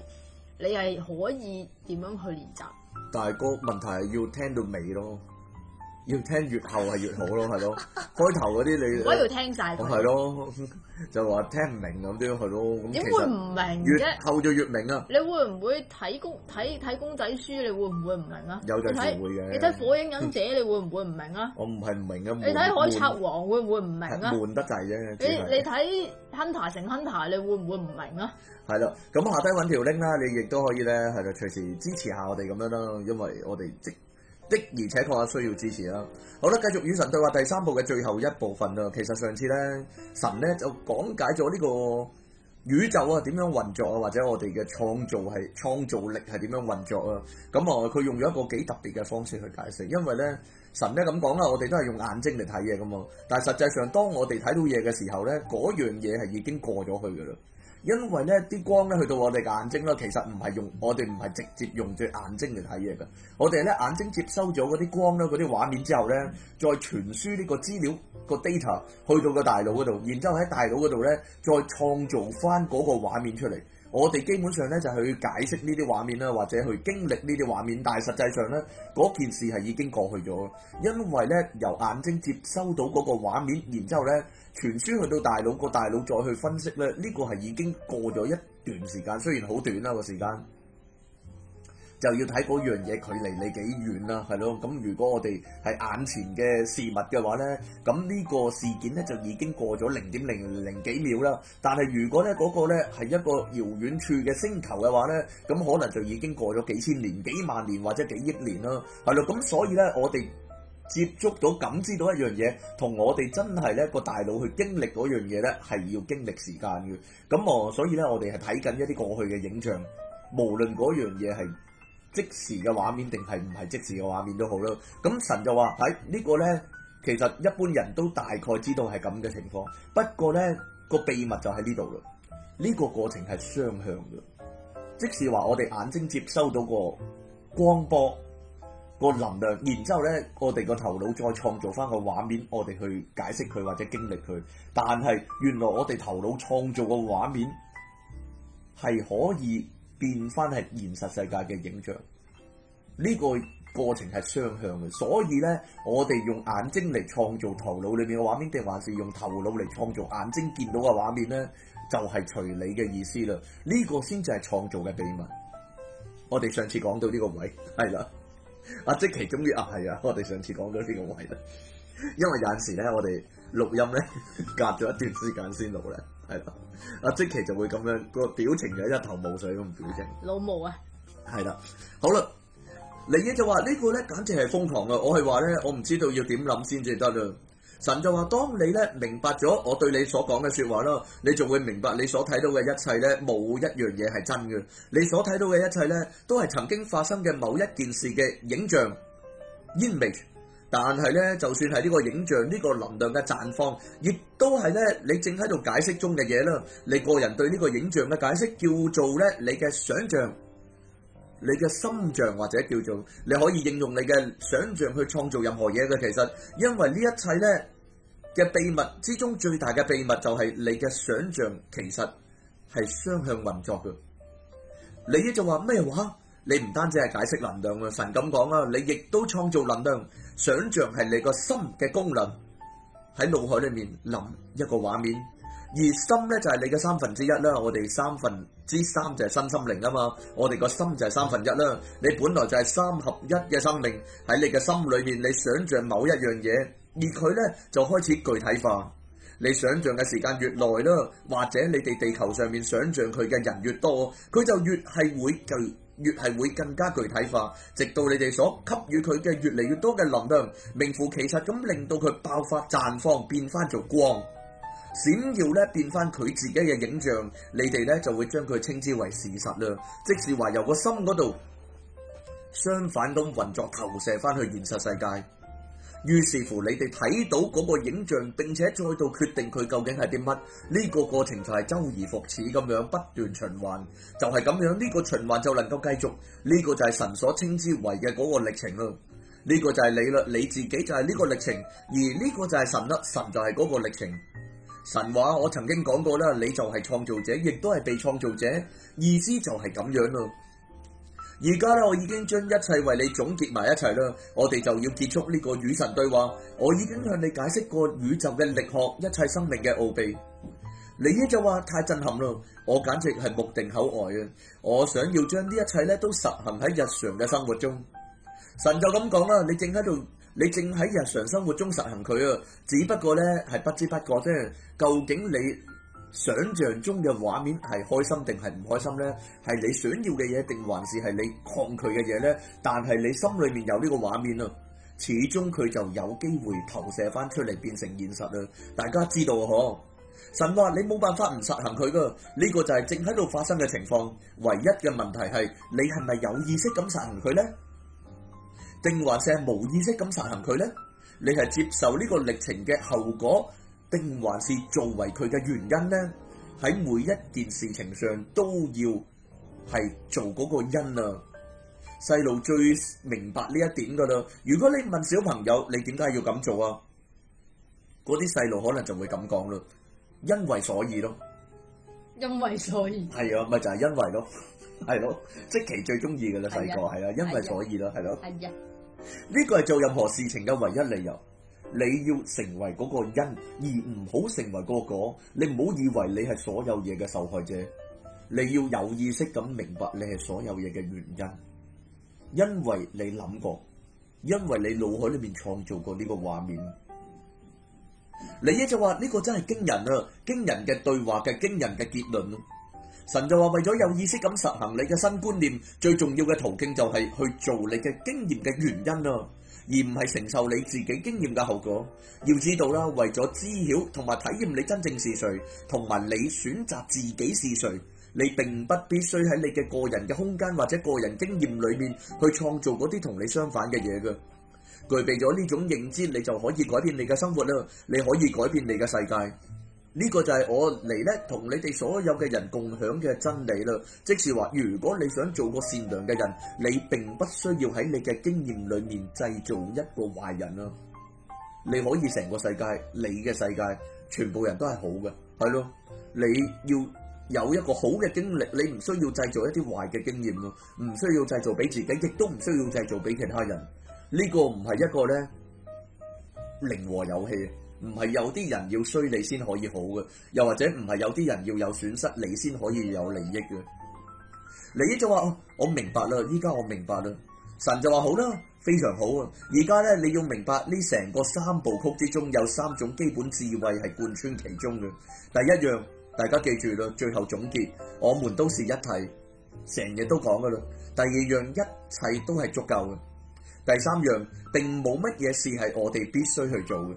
你係可以點樣去練習。
但係個問題係要聽到尾咯。要聽越後係越好咯，係咯。開頭嗰啲你，我都要聽曬、就是。係咯， 就話聽唔明咁啲，係咯。點會唔明啫？
越後
就越明啊！
你會唔會睇公睇睇公仔書？你會唔會唔明啊？有陣時會嘅。你睇《火影忍者》，你會唔會唔明啊？
我唔係唔明嘅。你睇《海賊王》 會
唔會唔，會唔會唔明啊？悶
得滯啫。你 Hunter, 你
睇《Hunter 》乘《Hunter》，你會唔會唔明啊？
係啦，咁下低揾條 link 啦，你亦都可以咧，係啦，隨時支持下我哋咁樣啦，因為我哋即。的而且確需要支持啦。好啦，繼續與神對話第三部嘅最後一部分啊。其實上次咧，神咧就講解咗呢個宇宙啊點樣運作啊，或者我哋嘅創造係創造力係點樣運作啊。咁啊，佢用咗一個幾特別嘅方式去解釋，因為咧神咧咁講啦，我哋都係用眼睛嚟睇嘢噶嘛。但係實際上，當我哋睇到嘢嘅時候咧，嗰樣嘢係已經過咗去㗎啦。因為咧啲光咧去到我哋眼睛咯，其實唔係用我哋，唔係直接用住眼睛嚟睇嘢嘅，我哋咧眼睛接收咗嗰啲光咧嗰啲畫面之後咧，再傳輸呢個資料、個 data 去到個大腦嗰度，然之後喺大腦嗰度咧再創造翻嗰個畫面出嚟。我哋基本上咧就去解釋呢啲畫面啦，或者去經歷呢啲畫面，但係實際上呢，嗰件事係已經過去咗，因為呢，由眼睛接收到嗰個畫面，然之後呢，傳輸去到大腦，個大腦再去分析呢，呢個係已經過咗一段時間，雖然好短啦個時間。就要睇嗰樣嘢距離你幾遠啦、啊，係咯。咁如果我哋係眼前嘅事物嘅話呢，咁呢個事件呢，就已經過咗零點零零零幾秒啦。但係如果呢嗰、嗰個呢係一個遙遠處嘅星球嘅話呢，咁可能就已經過咗幾千年、幾萬年或者幾億年啦。係咯，咁所以呢，我哋接觸到、感知到一樣嘢，同我哋真係呢個大腦去經歷嗰樣嘢呢，係要經歷時間嘅。咁、嗯、我所以呢，我哋係睇緊一啲過去嘅影像，無論嗰樣嘢係。即時嘅畫面定係唔係即時嘅畫面都好啦，咁神就話：喺、哎、呢、呢個呢，其實一般人都大概知道係咁嘅情況，不過呢個秘密就喺呢度啦。呢、呢個過程係雙向嘅，即使話我哋眼睛接收到個光波個能量，然之後呢，我哋個頭腦再創造翻個畫面，我哋去解釋佢或者經歷佢。但係原來我哋頭腦創造個畫面係可以。變翻係現實世界嘅影像，呢個過程係雙向嘅，所以咧，我哋用眼睛嚟創造頭腦裏面嘅畫面，定還是用頭腦嚟創造眼睛見到嘅畫面咧，就係隨你嘅意思啦。呢個先至係創造嘅秘密。我哋上次講到呢個位，係啦，阿即奇終於啊，係啊，我哋上次講到呢個位啦。因為有陣時咧，我哋錄音咧隔咗一段時間先錄咧，係啦， 阿積奇就會咁樣個表情就一頭霧水咁表情。老毛啊！係啦，好啦，李野就話、這個、呢個咧簡直係瘋狂啊。我係話咧我唔知道要點諗先至得啦。神就話：當你咧明白咗我對你所講嘅說話啦，你就會明白你所睇到嘅一切咧冇一樣嘢係真嘅，你所睇到嘅一切咧都係曾經發生嘅某一件事嘅影像 image。但係咧，就算係呢個影像呢個能量嘅綻放，亦都係咧你正喺度解釋中嘅嘢啦。你個人對呢個影像嘅解釋叫做咧你嘅想象，你嘅心像，或者叫做你可以應用你嘅想象去創造任何嘢嘅。其實因為呢一切咧嘅秘密之中最大嘅秘密就係你嘅想象其實係雙向運作嘅。你一就話咩話？你唔單止係解釋能量啊，神咁講啊，你亦都創造能量。想象係你個心嘅功能，喺腦海裏面諗一個畫面，而心呢就係你嘅三分之一啦。我哋三分之三就係身心靈啊嘛，我哋個心就係三分一啦。你本來就係三合一嘅生命，喺你嘅心裏面，你想象某一樣嘢，而佢呢就開始具體化。你想象嘅時間越耐啦，或者你哋地球上面想象佢嘅人越多，佢就越係會具。越係會更加具體化，直到你哋所給予佢嘅越嚟越多嘅能量，名副其實咁令到佢爆發、綻放、變翻做光、閃耀咧，變翻佢自己嘅影像，你哋咧就會將佢稱之為事實啦。即是話由個心嗰度相反咁運作投射翻去現實世界。於是乎，你哋睇到嗰個影像，並且再度決定佢究竟係啲乜，呢個過程就係周而復始咁樣不斷循環，就係咁樣呢個循環就能夠繼續，呢個就係神所稱之為嘅嗰個歷程咯。呢個就係你啦，你自己就係呢個歷程，而呢個就係神啦，神就係嗰個歷程。神話我曾經講過啦，你就係創造者，亦都係被創造者，意思就係咁樣咯。而家咧，我已經將一切為你總結埋一齊啦。我哋就要結束呢個與神對話。我已經向你解釋過宇宙嘅力學，一切生命嘅奧秘。你咧就話太震撼啦，我簡直係目定口呆啊！我想要將呢一切咧都實行喺日常嘅生活中。神就咁講啦，你正喺度，你正喺日常生活中實行佢啊。只不過咧係不知不覺啫，究竟你？想象中嘅畫面係開心定係唔開心呢？係你想要嘅嘢定還是係你抗拒嘅嘢呢？但係你心裏面有呢個畫面啊，始終佢就有機會投射翻出嚟變成現實啊！大家知道啊，嗬！神話你冇辦法唔實行佢噶，呢個就係正喺度發生嘅情況。唯一嘅問題係你係咪有意識咁實行佢呢？定還是係無意識咁實行佢呢？你係接受呢個歷程嘅後果。定還是作為佢嘅原因咧？喺每一件事情上都要係做嗰個因啊！細路最明白呢一點噶啦。如果你問小朋友，你點解要咁做啊？嗰啲細路可能就會咁講咯，因為所以咯，
因為所以
係啊，咪就係因為咯，係咯，即其最中意噶啦，細個係啊，因為所以咯，係咯，係啊，呢個係做任何事情嘅唯一理由。你要成為嗰個因，而唔好成為個果。你唔好以為你係所有嘢嘅受害者。你要有意識咁明白你係所有嘢嘅原因，因為你諗過，因為你腦海裏面創造過呢個畫面。李姨就話呢個真係驚人啊！驚人嘅對話嘅驚人嘅結論。神就話，為咗有意識咁實行你嘅新觀念，最重要嘅途徑就係去做你嘅經驗嘅原因啊！而唔係承受你自己經驗嘅後果，要知道啦，為咗知曉同埋體驗你真正是誰，同埋你選擇自己是誰，你並不必須喺你嘅個人嘅空間或者個人經驗裏面去創造嗰啲同你相反嘅嘢嘅。具備咗呢種認知，你就可以改變你嘅生活啦，你可以改變你嘅世界。呢個就係我嚟咧，同你哋所有嘅人共享嘅真理啦。即是話，如果你想做個善良嘅人，你並不需要喺你嘅經驗裏面製造一個壞人啊。你可以成個世界，你嘅世界，全部人都係好嘅，係咯。你要有一個好嘅經歷，你唔需要製造一啲壞嘅經驗咯，唔需要製造俾自己，亦都唔需要製造俾其他人。呢、這個唔係一個咧零和遊戲。唔係有啲人要衰你先可以好嘅，又或者唔係有啲人要有損失你先可以有利益嘅。利益就話我明白啦，依家我明白啦。神就話好啦，非常好啊。而家咧你要明白呢，成個三部曲之中有三種基本智慧係貫穿其中嘅。第一樣大家記住啦，最後總結，我們都是一體，成日都講噶啦。第二樣，一切都係足夠嘅。第三樣，並冇乜嘢事係我哋必須去做嘅。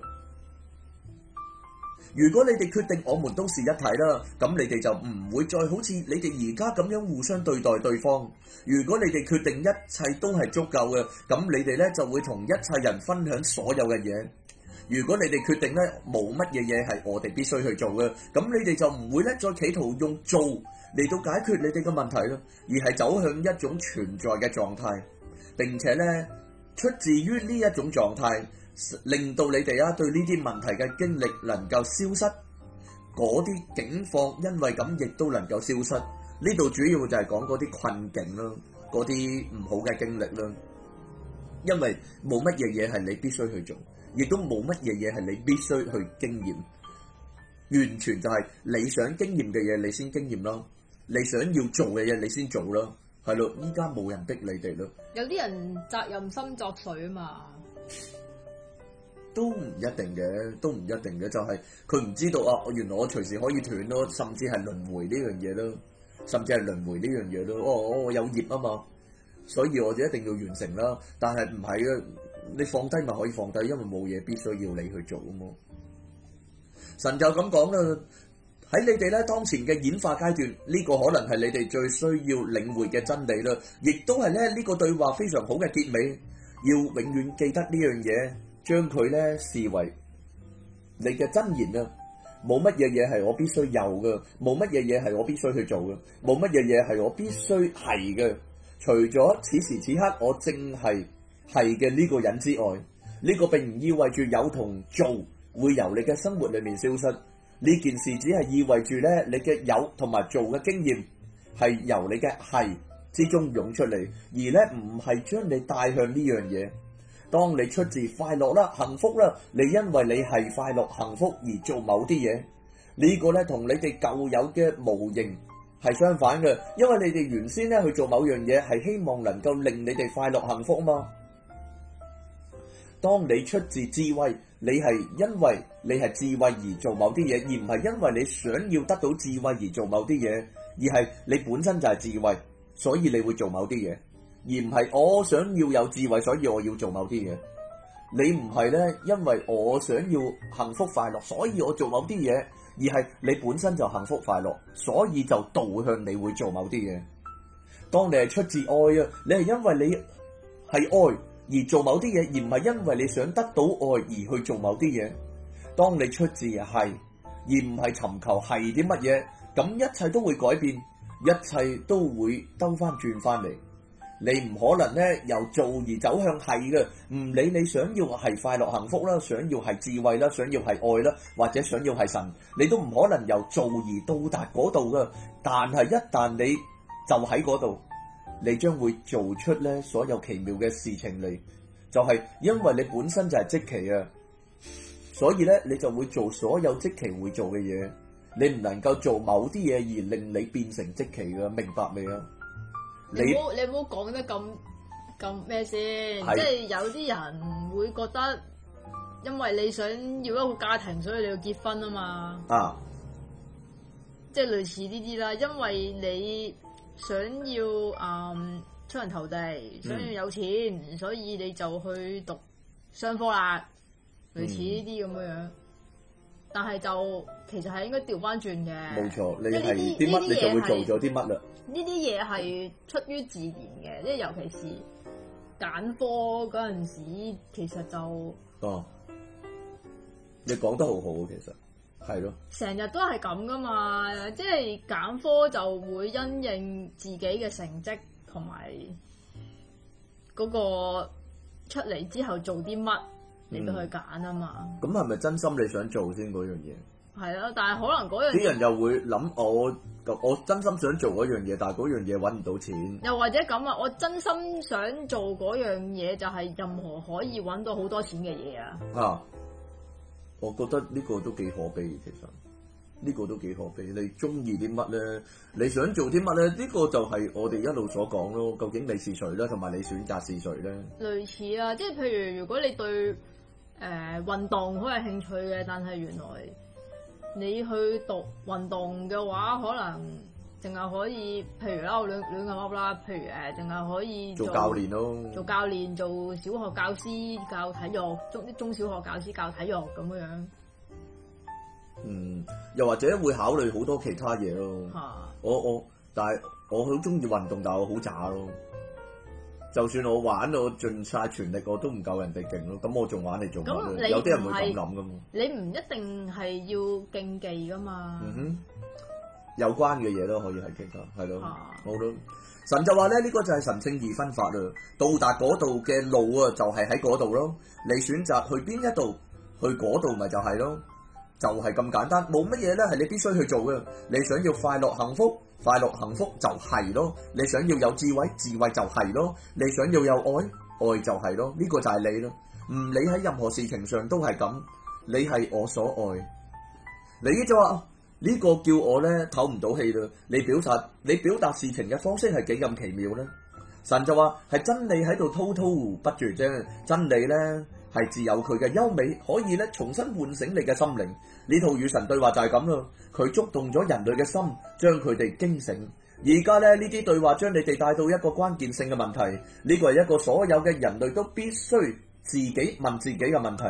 如果你哋決定我們都是一體啦，咁你哋就唔會再好似你哋而家咁樣互相對待對方。如果你哋決定一切都係足夠嘅，咁你哋咧就會同一切人分享所有嘅嘢。如果你哋決定咧冇乜嘢嘢係我哋必須去做嘅，咁你哋就唔會咧再企圖用做嚟到解決你哋嘅問題咯，而係走向一種存在嘅狀態。並且咧，出自於呢一種狀態。令到你哋啊，對呢啲問題嘅經歷能夠消失，嗰啲境況因為咁亦都能夠消失。呢度主要就係講嗰啲困境咯，嗰啲唔好嘅經歷咯。因為冇乜嘢嘢係你必須去做，亦都冇乜嘢嘢係你必須去經驗。完全就係你想經驗嘅嘢，你先經驗咯；你想要做嘅嘢，你先做咯。係咯，依家冇人逼你哋咯。
有啲人責任心作祟啊嘛～
都唔一定嘅，都唔一定嘅，就係佢唔知道啊。原來我隨時可以斷咯，甚至係輪迴呢樣嘢咯，甚至係輪迴呢樣嘢咯。哦，我有業啊嘛，所以我就一定要完成啦。但係唔係嘅，你放低咪可以放低，因為冇嘢必須要你去做咁咯。神就咁講啦，喺你哋咧當前嘅演化階段，呢個可能係你哋最需要領會嘅真理啦，亦都係咧呢個對話非常好嘅結尾。要永遠記得呢樣嘢。將佢咧視為你嘅真言啊。冇乜嘢嘢係我必須有嘅，冇乜嘢嘢係我必須去做嘅，冇乜嘢嘢係我必須係嘅。除咗此時此刻我正係係嘅呢個人之外，呢個並唔意味住有同做會由你嘅生活裏面消失。呢件事只係意味住咧，你嘅有同埋做嘅經驗係由你嘅係之中湧出嚟，而咧唔係將你帶向呢樣嘢。當你出自快樂啦、幸福啦，你因為你係快樂、幸福而做某啲嘢，呢個咧同你哋舊有嘅模型係相反嘅，因為你哋原先咧去做某樣嘢係希望能夠令你哋快樂、幸福啊嘛。當你出自智慧，你係因為你係智慧而做某啲嘢，而唔係因為你想要得到智慧而做某啲嘢，而係你本身就係智慧，所以你會做某啲嘢。而唔係我想要有智慧，所以我要做某啲嘢。你唔係呢，因為我想要幸福快樂，所以我做某啲嘢，而係你本身就幸福快樂，所以就導向你會做某啲嘢。當你係出自愛啊，你係因為你係愛而做某啲嘢，而唔係因為你想得到愛而去做某啲嘢。當你出自係，而唔係尋求係啲乜嘢，咁一切都會改變，一切都會兜翻轉翻嚟。你唔可能咧，由做而走向係嘅，唔理你想要係快樂幸福啦，想要係智慧啦，想要係愛啦，或者想要係神，你都唔可能由做而到達嗰度嘅。但係一旦你就喺嗰度，你將會做出咧所有奇妙嘅事情嚟，就係因為你本身就係積奇啊，所以咧你就會做所有積奇會做嘅嘢，你唔能夠做某啲嘢而令你變成積奇嘅，明白未啊？
你唔好你唔好講得咁咁咩先？即係是有啲人會覺得，因為你想要一個家庭，所以你要結婚啊嘛。啊！即係類似呢啲啦，因為你想要啊、嗯、出人頭地，想要有錢，嗯、所以你就去讀商科啦，類似呢啲咁嘅樣。嗯但係就其實係應該調翻轉嘅，冇錯。你係啲乜你就會做咗啲乜嘞？呢啲嘢係出於自然嘅，即係尤其是揀科嗰陣時，其實就
哦，你講得好好， 其實係咯，
成日都係咁噶嘛，即係揀科就會因應自己嘅成績同埋嗰個出嚟之後做啲乜。你都去揀啊嘛？
咁係咪真心你想做先嗰樣嘢？
係啊，但係可能嗰樣啲人又
會諗我，我真心想做嗰樣嘢，但係嗰樣嘢揾唔到錢。
又或者咁啊，我真心想做嗰樣嘢，就係任何可以揾到好多錢嘅嘢啊！
啊，我覺得呢個都幾可悲，其實呢個都幾可悲。你中意啲乜咧？你想做啲乜咧？呢個就係我哋一路所講咯。究竟你是誰咧？同埋你選擇是誰咧？
類似啊，即係譬如如果你對。誒、呃、運動好有興趣嘅，但係原來你去讀運動嘅話，可能淨係可以，譬如啦，我亂亂咁 up 啦，譬如誒，淨係可以做，做教練咯，做教練做小學教師教體育，中啲中小學教師教體育咁樣。嗯，
又或者會考慮好多其他嘢咯。嚇、啊！我我，但係我好中意運動，但我好渣咯。就算我玩到盡晒全力我都唔夠人哋勁咯，咁我仲玩嚟做乜？有啲人會咁諗噶
嘛？你唔一定係要競技噶嘛？嗯
哼，有關嘅嘢都可以係競技，係咯，好咯。神就話咧，呢個就係神聖二分法啦。到達嗰度嘅路啊，就係喺嗰度咯。你選擇去邊一度，去嗰度咪就係咯，就係咁簡單。冇乜嘢咧，係你必須去做嘅。你想要快樂幸福。快樂幸福就係咯，你想要有智慧，智慧就係咯，你想要有愛，愛就係咯，呢個就係你啦。唔理喺任何事情上都係咁，你係我所愛。你就話呢個叫我咧唞唔到氣啦。你表達你表達事情嘅方式係幾咁奇妙咧？神就話，係真理喺度滔滔不絕啫。真理咧係自由，佢嘅優美，可以咧重新喚醒你嘅心靈。呢套與神對話就係咁咯，佢觸動咗人類嘅心，將佢哋驚醒。而家咧，呢啲對話將你哋帶到一個關鍵性嘅問題。呢個係一個所有嘅人類都必須自己問自己嘅問題。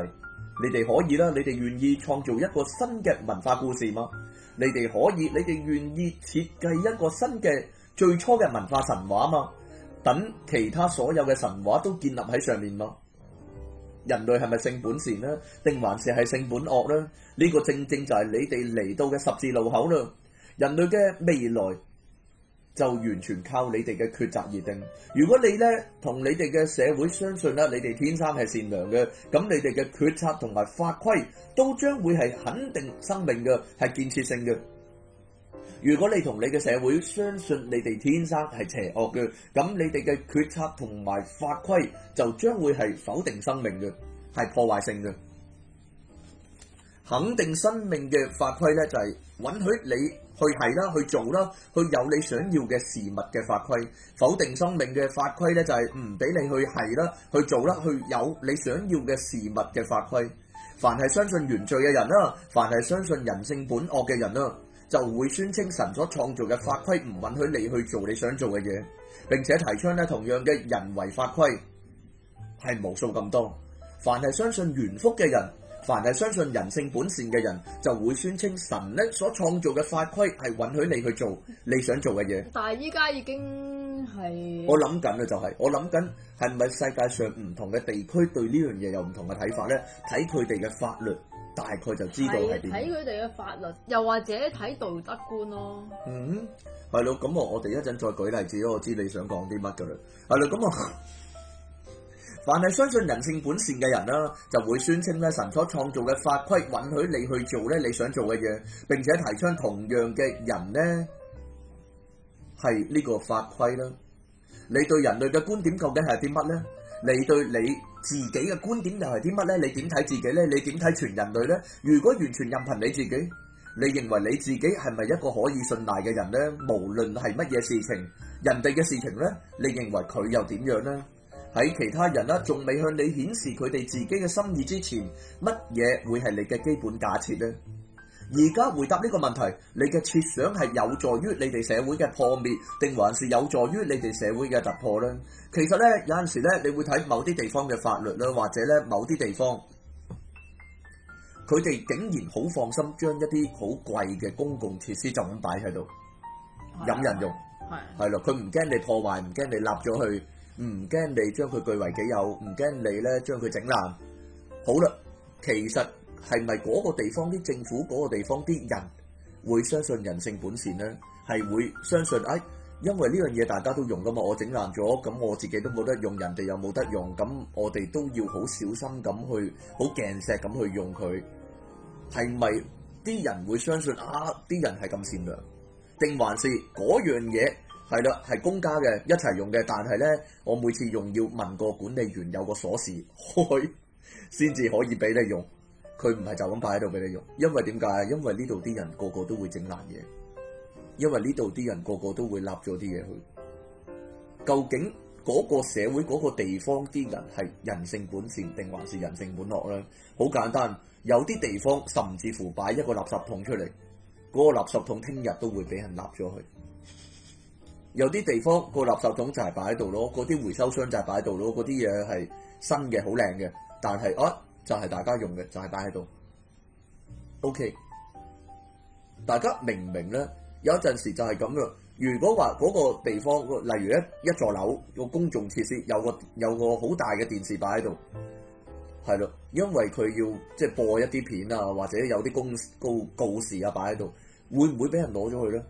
你哋可以啦，你哋願意創造一個新嘅文化故事嗎？你哋可以，你哋願意設計一個新嘅最初嘅文化神話嗎？等其他所有嘅神話都建立喺上面嗎？人類係咪性本善呢？定還是係性本惡呢？呢個正正就係你哋嚟到嘅十字路口啦！人類嘅未來就完全靠你哋嘅抉擇而定。如果你呢同你哋嘅社會相信啦，你哋天生係善良嘅，咁你哋嘅決策同埋法規都將會係肯定生命嘅，係建設性嘅。如果你同你嘅社會相信你哋天生係邪惡嘅，咁你哋嘅決策同埋法規就將會係否定生命嘅，係破壞性嘅。肯定生命嘅法規咧，就係允許你去係啦、去做啦、去有你想要嘅事物嘅法規；否定生命嘅法規咧，就係唔俾你去係啦、去做啦、去有你想要嘅事物嘅法規。凡係相信原罪嘅人啦，凡係相信人性本惡嘅人啦，就會宣稱神所創造嘅法規唔允許你去做你想做嘅嘢。並且提倡咧，同樣嘅人為法規係無數咁多。凡係相信原福嘅人。凡係相信人性本善嘅人，就會宣稱神咧所創造嘅法規係允許你去做你想做嘅嘢。
但係依家已經係我諗
緊嘅就係、是、我諗緊係咪世界上唔同嘅地區對呢樣嘢有唔同嘅睇法咧？睇佢哋嘅法律大概就知道係點。睇佢
哋嘅法律，又或者睇道德觀咯。嗯，
係咯。咁我我哋一陣再舉例子咯。我知你想講啲乜㗎喇。係咯，咁我。凡係相信人性本善嘅人啦，就會宣稱咧，神所創造嘅法規允許你去做咧你想做嘅嘢，並且提倡同樣嘅人呢係呢個法規啦。你對人類嘅觀點究竟係啲乜呢？你對你自己嘅觀點又係啲乜呢？你點睇自己呢？你點睇全人類呢？如果完全任憑你自己，你認為你自己係咪一個可以信賴嘅人呢？無論係乜嘢事情，人哋嘅事情呢，你認為佢又點樣呢？喺其他人啦，仲未向你顯示佢哋自己嘅心意之前，乜嘢會係你嘅基本假設咧？而家回答呢個問題，你嘅設想係有助於你哋社會嘅破滅，定還是有助於你哋社會嘅突破咧？其實咧，有陣時咧，你會睇某啲地方嘅法律啦，或者咧某啲地方，佢哋竟然好放心將一啲好貴嘅公共設施就咁擺喺度，
任人用，係
咯，佢唔驚你破壞，唔驚你立咗去。唔驚你將佢據為己有，唔驚你咧將佢整爛。好啦，其實係咪嗰個地方啲政府，嗰個地方啲人會相信人性本善呢？係會相信？哎，因為呢樣嘢大家都用噶嘛，我整爛咗，咁我自己都冇得用，人哋又冇得用，咁我哋都要好小心咁去，好鏡石咁去用佢。係咪啲人會相信啊？啲人係咁善良，定還是嗰樣嘢？係啦，係公家嘅，一齊用嘅，但係呢，我每次用要問個管理員有個鎖匙開，先至可以俾你用。佢唔係就咁擺喺度俾你用，因為點解？因為呢度啲人個個都會整爛嘢，因為呢度啲人個個都會立咗啲嘢去。究竟嗰個社會嗰個地方啲人係人性本善定還是人性本惡呢？好簡單，有啲地方甚至乎擺一個垃圾桶出嚟，嗰個垃圾桶聽日都會俾人立咗去。有啲地方個垃圾桶就係擺喺度咯，嗰啲回收箱就係擺喺度咯，嗰啲嘢係新嘅、好靚嘅，但係啊就係大家用嘅，就係擺喺度。OK，大家明唔明咧？有一陣時就係咁樣。如果話嗰個地方，例如一一座樓個公眾設施有個有個好大嘅電視擺喺度，係咯，因為佢要即係播一啲片啊，或者有啲公告告示啊擺喺度，會唔會俾人攞咗去咧？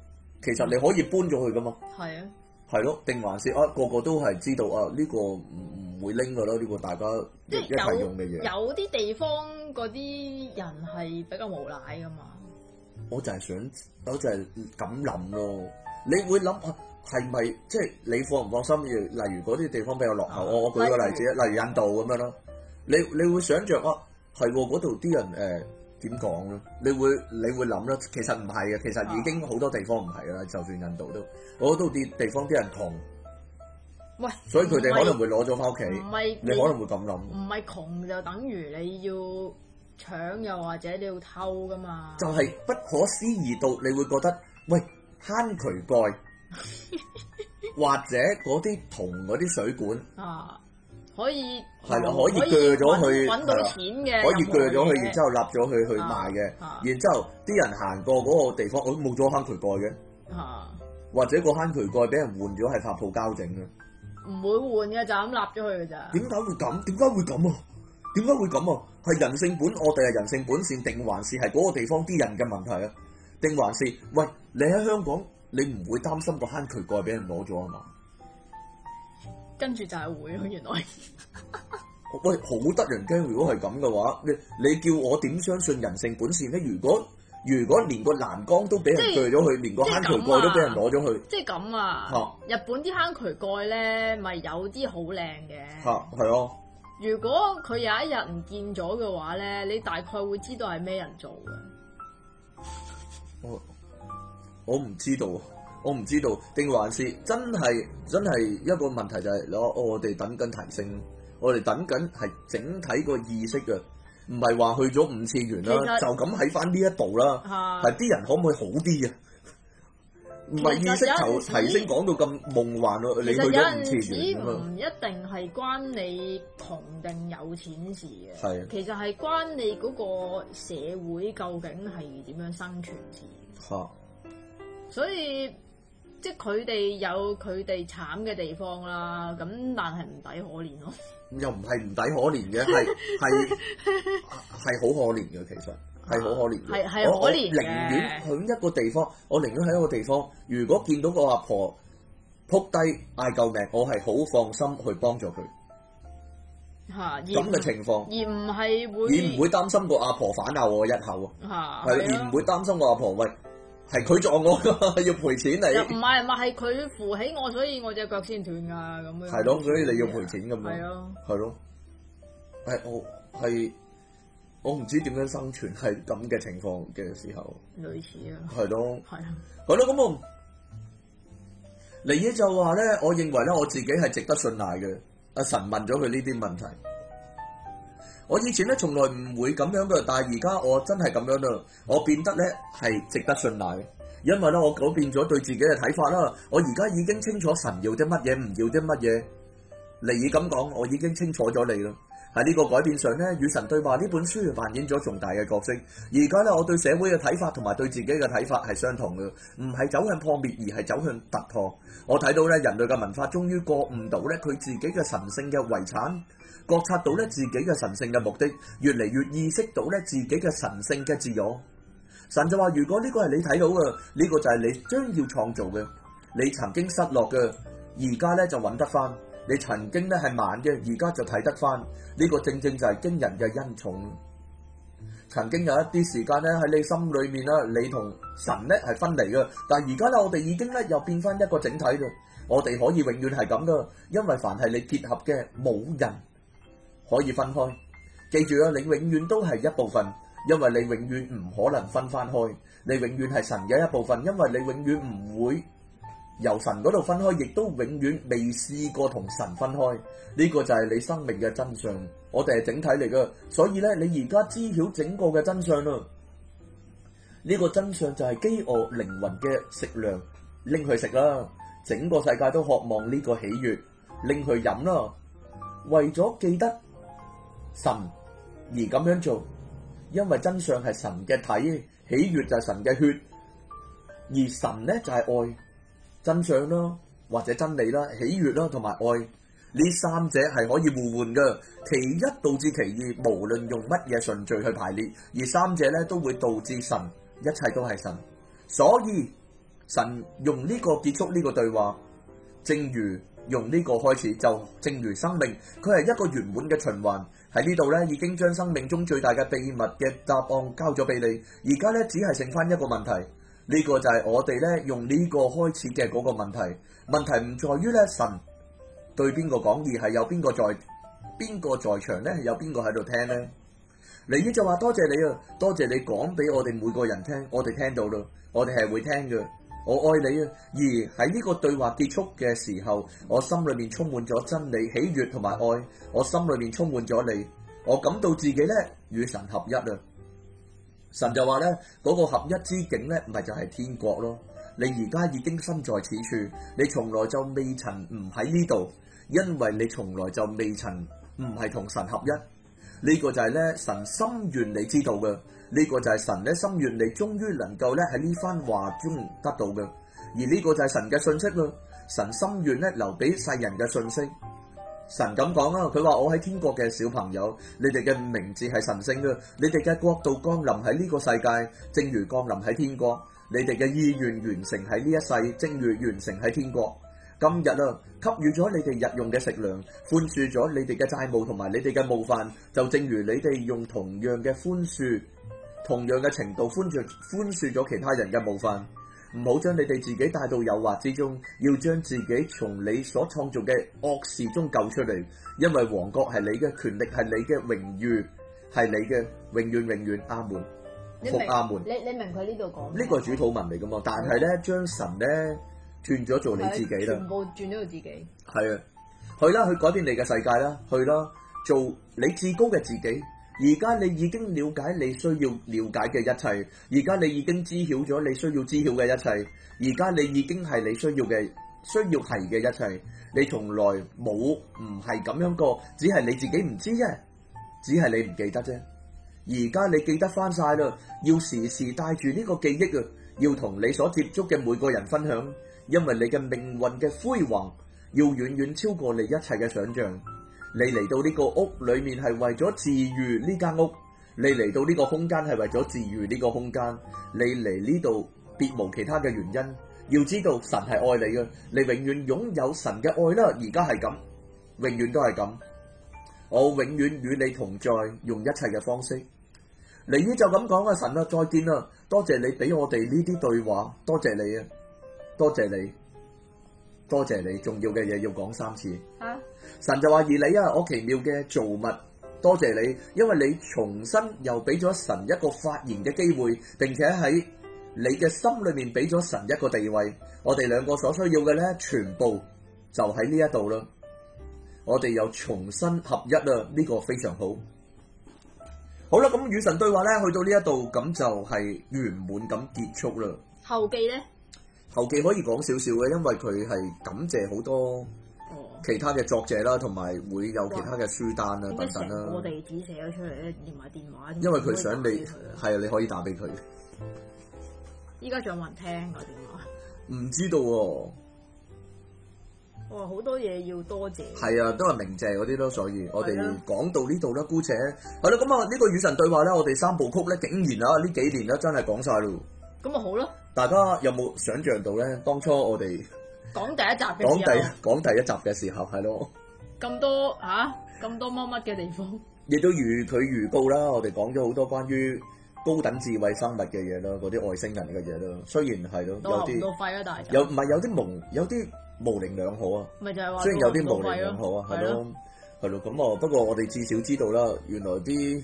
其實你可以搬咗去噶嘛是、啊，係啊，係咯，定還是啊個個都係知道啊呢、呢個唔唔會拎噶咯，呢、呢個大家一齊用嘅嘢。有
啲地方嗰啲人係比較無賴噶嘛。
我就係想，我就係咁諗咯。你會諗下係咪即係你放唔放心？要例如嗰啲地方比較落後，我、啊、我舉個例子啊，的例如印度咁樣咯。你你會想像啊，係喎，嗰度啲人誒。呃點講咧？你會你會諗咧？其實唔係嘅，其實已經好多地方唔係啦。啊、就算印度都，我嗰度啲地方啲人窮，
喂，
所以佢哋可能會攞咗翻屋企。唔係是，你可能會咁諗。唔
係窮就等於你要搶又或者你要偷噶嘛？
就係不可思議到你會覺得，喂，慳渠蓋 或者嗰啲銅嗰啲水管啊。
可以係咯，可以鋸咗佢揾到錢嘅，可以鋸咗佢，然之後立
咗佢去賣嘅，然之後啲人行過嗰個地方，我冇咗坑渠蓋嘅，或者個坑渠蓋俾人換咗係發泡膠整嘅，唔會
換嘅就咁立咗去嘅
咋？點解會咁？點解會咁啊？點解會咁啊？係人性本惡定係人性本善？定還是係嗰個地方啲人嘅問題啊？定還是喂，你喺香港你唔會擔心個坑渠蓋俾人攞咗啊嘛？
跟住就係會咯，原來。
喂，好得人驚！如果係咁嘅話，你你叫我點相信人性本善咧？如果如果連個欄杆都俾人鋸咗佢，是連個坑渠蓋都俾人攞咗去，
即係咁啊！啊日本啲坑渠蓋咧，咪有啲好靚嘅。嚇係啊！啊如果佢有一日唔見咗嘅話咧，你大概會知道係咩人做嘅。
我我唔知道。我唔知道，定還是真係真係一個問題，就係、是、攞、哦、我哋等緊提升，我哋等緊係整體個意識嘅，唔係話去咗五次元啦，實就咁喺翻呢一度啦，係啲、啊、人可唔可以好啲啊？唔係意識就提升，講到咁夢幻咯，你去咗五次元咁其實有陣時唔
一定係關你窮定有錢事嘅，的其實係關你嗰個社會究竟係點樣生存事。吓、啊，所以。即係佢哋有佢哋慘嘅地方啦，咁但係唔抵可憐咯。
又唔係唔抵可憐嘅，係係係好可憐嘅。啊、其實係好可憐嘅。係係可憐嘅。我我寧願喺一個地方，我寧願喺一個地方，如果見到個阿婆撲低嗌救命，我係好放心去幫助佢。
嚇、咁嘅情況，而唔係會而唔
會擔心個阿婆反咬我一口啊？係，而唔會擔心個阿婆喂。係佢撞我， 要賠錢嚟。唔
係唔係，係佢扶起我，所以我隻腳先斷噶咁樣。係咯了，所以你要賠
錢噶嘛。係咯了，係我係我唔知點樣生存，係咁嘅情況嘅時候。
類似啊。係咯了。係
啊了。講到咁我，你呢了 就話咧，我認為咧我自己係值得信賴嘅。阿神問咗佢呢啲問題。我以前咧，從來唔會咁樣嘅，但係而家我真係咁樣啦。我變得咧係值得信賴，因為咧我改變咗對自己嘅睇法啦。我而家已經清楚神要啲乜嘢，唔要啲乜嘢。你咁講，我已經清楚咗你啦。喺呢個改變上咧，與神對話呢本書扮演咗重大嘅角色。而家咧，我對社會嘅睇法同埋對自己嘅睇法係相同嘅，唔係走向破滅，而係走向突破。我睇到咧人類嘅文化終於過唔到咧佢自己嘅神性嘅遺產。覺察到咧自己嘅神聖嘅目的，越嚟越意識到咧自己嘅神聖嘅自我。神就話：如果呢個係你睇到嘅，呢個就係你將要創造嘅。你曾經失落嘅，而家咧就揾得翻。你曾經咧係盲嘅，而家就睇得翻。呢個正正就係驚人嘅恩寵。曾經有一啲時間咧喺你心裏面啦，你同神咧係分離嘅，但係而家咧我哋已經咧又變翻一個整體嘅。我哋可以永遠係咁噶，因為凡係你結合嘅，冇人，可以分開，記住啊！你永遠都係一部分，因為你永遠唔可能分翻開。你永遠係神嘅一部分，因為你永遠唔會由神嗰度分開，亦都永遠未試過同神分開。呢個就係你生命嘅真相。我哋係整體嚟㗎，所以呢，你而家知曉整個嘅真相啦。呢個真相就係飢餓靈魂嘅食糧，拎去食啦。整個世界都渴望呢個喜悦，拎去飲啦。為咗記得，神而咁樣做，因為真相係神嘅體，喜悦就係神嘅血，而神呢，就係愛真相囉，或者真理啦，喜悦啦，同埋愛呢三者係可以互換嘅，其一導致其二，無論用乜嘢順序去排列，而三者呢都會導致神，一切都係神。所以神用呢個結束呢個對話，正如用呢個開始，就正如生命，佢係一個圓滿嘅循環。喺呢度咧，已經將生命中最大嘅秘密嘅答案交咗俾你。而家咧，只係剩翻一個問題，呢個就係我哋咧用呢個開始嘅嗰個問題。問題唔在於咧神對邊個講，而係有邊個在邊個在場咧，有邊個喺度聽咧。嚟姨就話：多謝你啊，多謝你講俾我哋每個人聽，我哋聽到啦，我哋係會聽嘅。我愛你啊，而喺呢個對話結束嘅時候，我心裏面充滿咗真理、喜悅同埋愛，我心裏面充滿咗你，我感到自己呢，與神合一啊！神就話呢，嗰、那個合一之境呢，唔係就係天國咯。你而家已經身在此處，你從來就未曾唔喺呢度，因為你從來就未曾唔係同神合一。呢、這個就係呢，神心願你知道嘅。呢個就係神咧心願，你終於能夠咧喺呢番話中得到嘅。而呢個就係神嘅信息咯。神心願咧留俾世人嘅信息。神咁講啊，佢話：我喺天國嘅小朋友，你哋嘅名字係神聖嘅，你哋嘅國度降臨喺呢個世界，正如降臨喺天國。你哋嘅意願完成喺呢一世，正如完成喺天國。今日啊，給予咗你哋日用嘅食糧，寬恕咗你哋嘅債務同埋你哋嘅冒犯，就正如你哋用同樣嘅寬恕。同樣嘅程度寬恕寬恕咗其他人嘅部分，唔好將你哋自己帶到誘惑之中，要將自己從你所創造嘅惡事中救出嚟，因為王國係你嘅權力，係你嘅榮譽，係你嘅永遠，永遠阿門，阿門。你你明佢、
嗯、呢度講？呢個係
主禱文嚟噶嘛？但係咧，將神咧轉咗做你自己啦，全
部轉咗做自己。
係啊，去啦，去改變你嘅世界啦，去啦，做你至高嘅自己。而家你已經了解你需要了解嘅一切，而家你已經知曉咗你需要知曉嘅一切，而家你已經係你需要嘅需要係嘅一切。你從來冇唔係咁樣過，只係你自己唔知啫，只係你唔記得啫。而家你記得翻晒啦，要時時帶住呢個記憶啊，要同你所接觸嘅每個人分享，因為你嘅命運嘅輝煌要遠遠超過你一切嘅想像。你嚟到呢個屋裏面係為咗治愈呢間屋，你嚟到呢個空間係為咗治愈呢個空間，你嚟呢度別無其他嘅原因。要知道神係愛你嘅，你永遠擁有神嘅愛啦。而家係咁，永遠都係咁。我永遠與你同在，用一切嘅方式。尼爾就咁講啊，神啊，再見啦，多謝你俾我哋呢啲對話，多謝你啊，多謝你。多謝你，重要嘅嘢，要講三次。啊！神就話，而你啊，因為，我奇妙嘅造物，多謝你，因為你重新又俾咗神一個發言嘅機會，並且喺你嘅心裏面俾咗神一個地位。我哋兩個所需要嘅呢，全部就喺呢一度啦。我哋又重新合一啦，呢個非常好。好啦，咁與神對話呢，去到呢一度咁就係圓滿咁結束啦。
後記呢？
後記可以講少少嘅，因為佢係感謝好多其他嘅作者啦，同埋會有其他嘅書單啊哇等等啦。我哋只寫咗出嚟，連埋電
話。因為佢想你係啊，
你可以打俾佢。
依家仲有人
聽個電話？唔知道喎、啊。
哇！好多嘢要多謝，
謝。係啊，都係鳴謝嗰啲咯，所以我哋講的到呢度啦，姑且係啦。咁啊，呢個與神對話咧，我哋三部曲咧，竟然啊呢幾年咧真係講晒咯。
咁咪好
咯！大家有冇想像到咧？當初我哋
講第一集嘅，講第
講第一集嘅時候，係咯，
咁多吓咁多乜乜嘅地方，
亦都預佢預告啦。我哋講咗好多關於高等智慧生物嘅嘢啦，嗰啲外星人嘅嘢啦。雖然係咯，有啲有唔係有啲朦有啲模棱兩可啊。咪就
係話，雖然有啲模棱兩可啊，係咯
係咯。咁啊，不過我哋至少知道啦，原來啲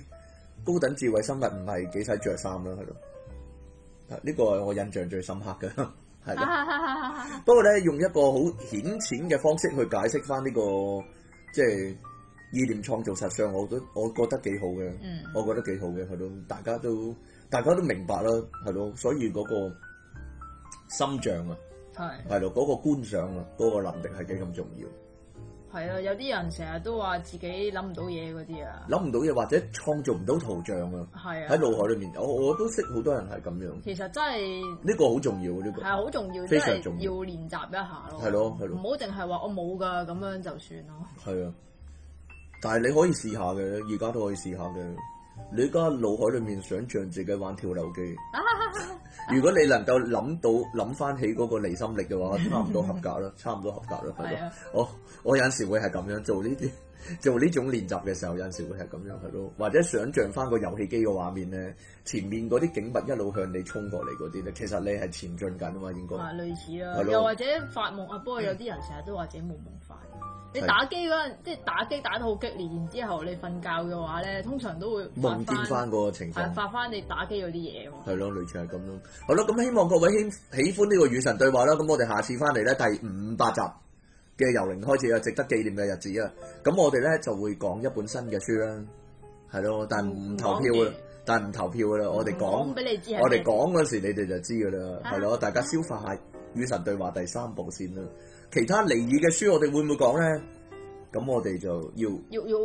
高等智慧生物唔係幾使着衫啦，係咯。呢個係我印象最深刻嘅，係不過咧，用一個好顯淺嘅方式去解釋返呢個即係、就是、意念創造實相，我都我覺得幾好嘅。嗯，我覺得幾好嘅，係咯、嗯。大家都大家都明白啦，係咯。所以嗰個心像啊，係係咯，嗰、嗰個觀想啊，嗰、嗰個能力係幾咁重要！嗯
係啊，有啲人成日都話自己諗唔到嘢嗰啲
啊，諗唔到嘢或者創造唔到圖像啊，係啊，喺腦海裡面，我我都識好多人係咁樣。其
實真
係呢個好重要，呢個係
好重要，非常重要，要練習一下咯。係咯，係咯，唔好淨係話我冇㗎咁樣就算咯。
係啊，但係你可以試下嘅，而家都可以試下嘅。你而家腦海裡面想像自己玩跳樓機，
如
果你能夠諗到諗翻起嗰個離心力嘅話，差唔多合格啦， 差唔多合格啦，係咯。我、 oh，我有時會係咁樣做呢啲。做呢種練習嘅時候，有時會係咁樣去咯，或者想像翻個遊戲機嘅畫面咧，前面嗰啲景物一路向你衝過嚟嗰啲咧，其實你係前進緊啊嘛，應該。
類似啊，又或者發夢啊，不過有啲人成日都話自己冇夢幻。你打機嗰陣，即係打機打得好激烈，然之後你瞓覺嘅話咧，通常都會夢見翻嗰
個情況，發
翻你打機嗰啲嘢。
係咯，類似係咁咯。好啦，咁希望各位喜喜歡呢個與神對話啦，咁我哋下次翻嚟咧第五百集。嘅由零開始啊，值得紀念嘅日子啊，咁我哋咧就會講一本新嘅書啦，係咯，但係唔投票啦，但係唔投票啦，我哋講俾你知，我哋講嗰時你哋就知噶啦，係咯，大家消化下與神對話第三部先啦，其他離異嘅書我哋會唔會講咧？咁我哋就要要
要，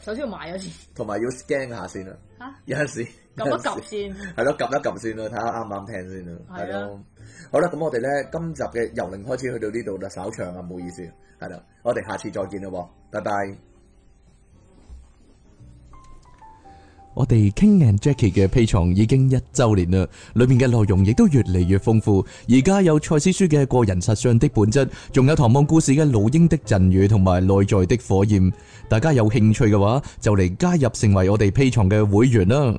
首先要買咗先，
同埋要 scan 下先啦，嚇，有陣時，𥁑 一 𥁑 先，係咯，𥁑 一 𥁑 先啦，睇下啱唔啱聽先啦，係咯。好啦，咁我哋呢今集嘅由零開始去到呢度啦，稍長啊，唔好意思，係啦，我哋下次再見啦，拜拜。我哋 King and Jackie 嘅披床已經一周年啦，裏面嘅內容亦都越嚟越豐富，而家有賽斯書嘅個人實相的本質，仲有唐望故事嘅老鷹的贈語同埋內在的火焰，大家有興趣嘅話就嚟加入成為我哋披床嘅會員啦。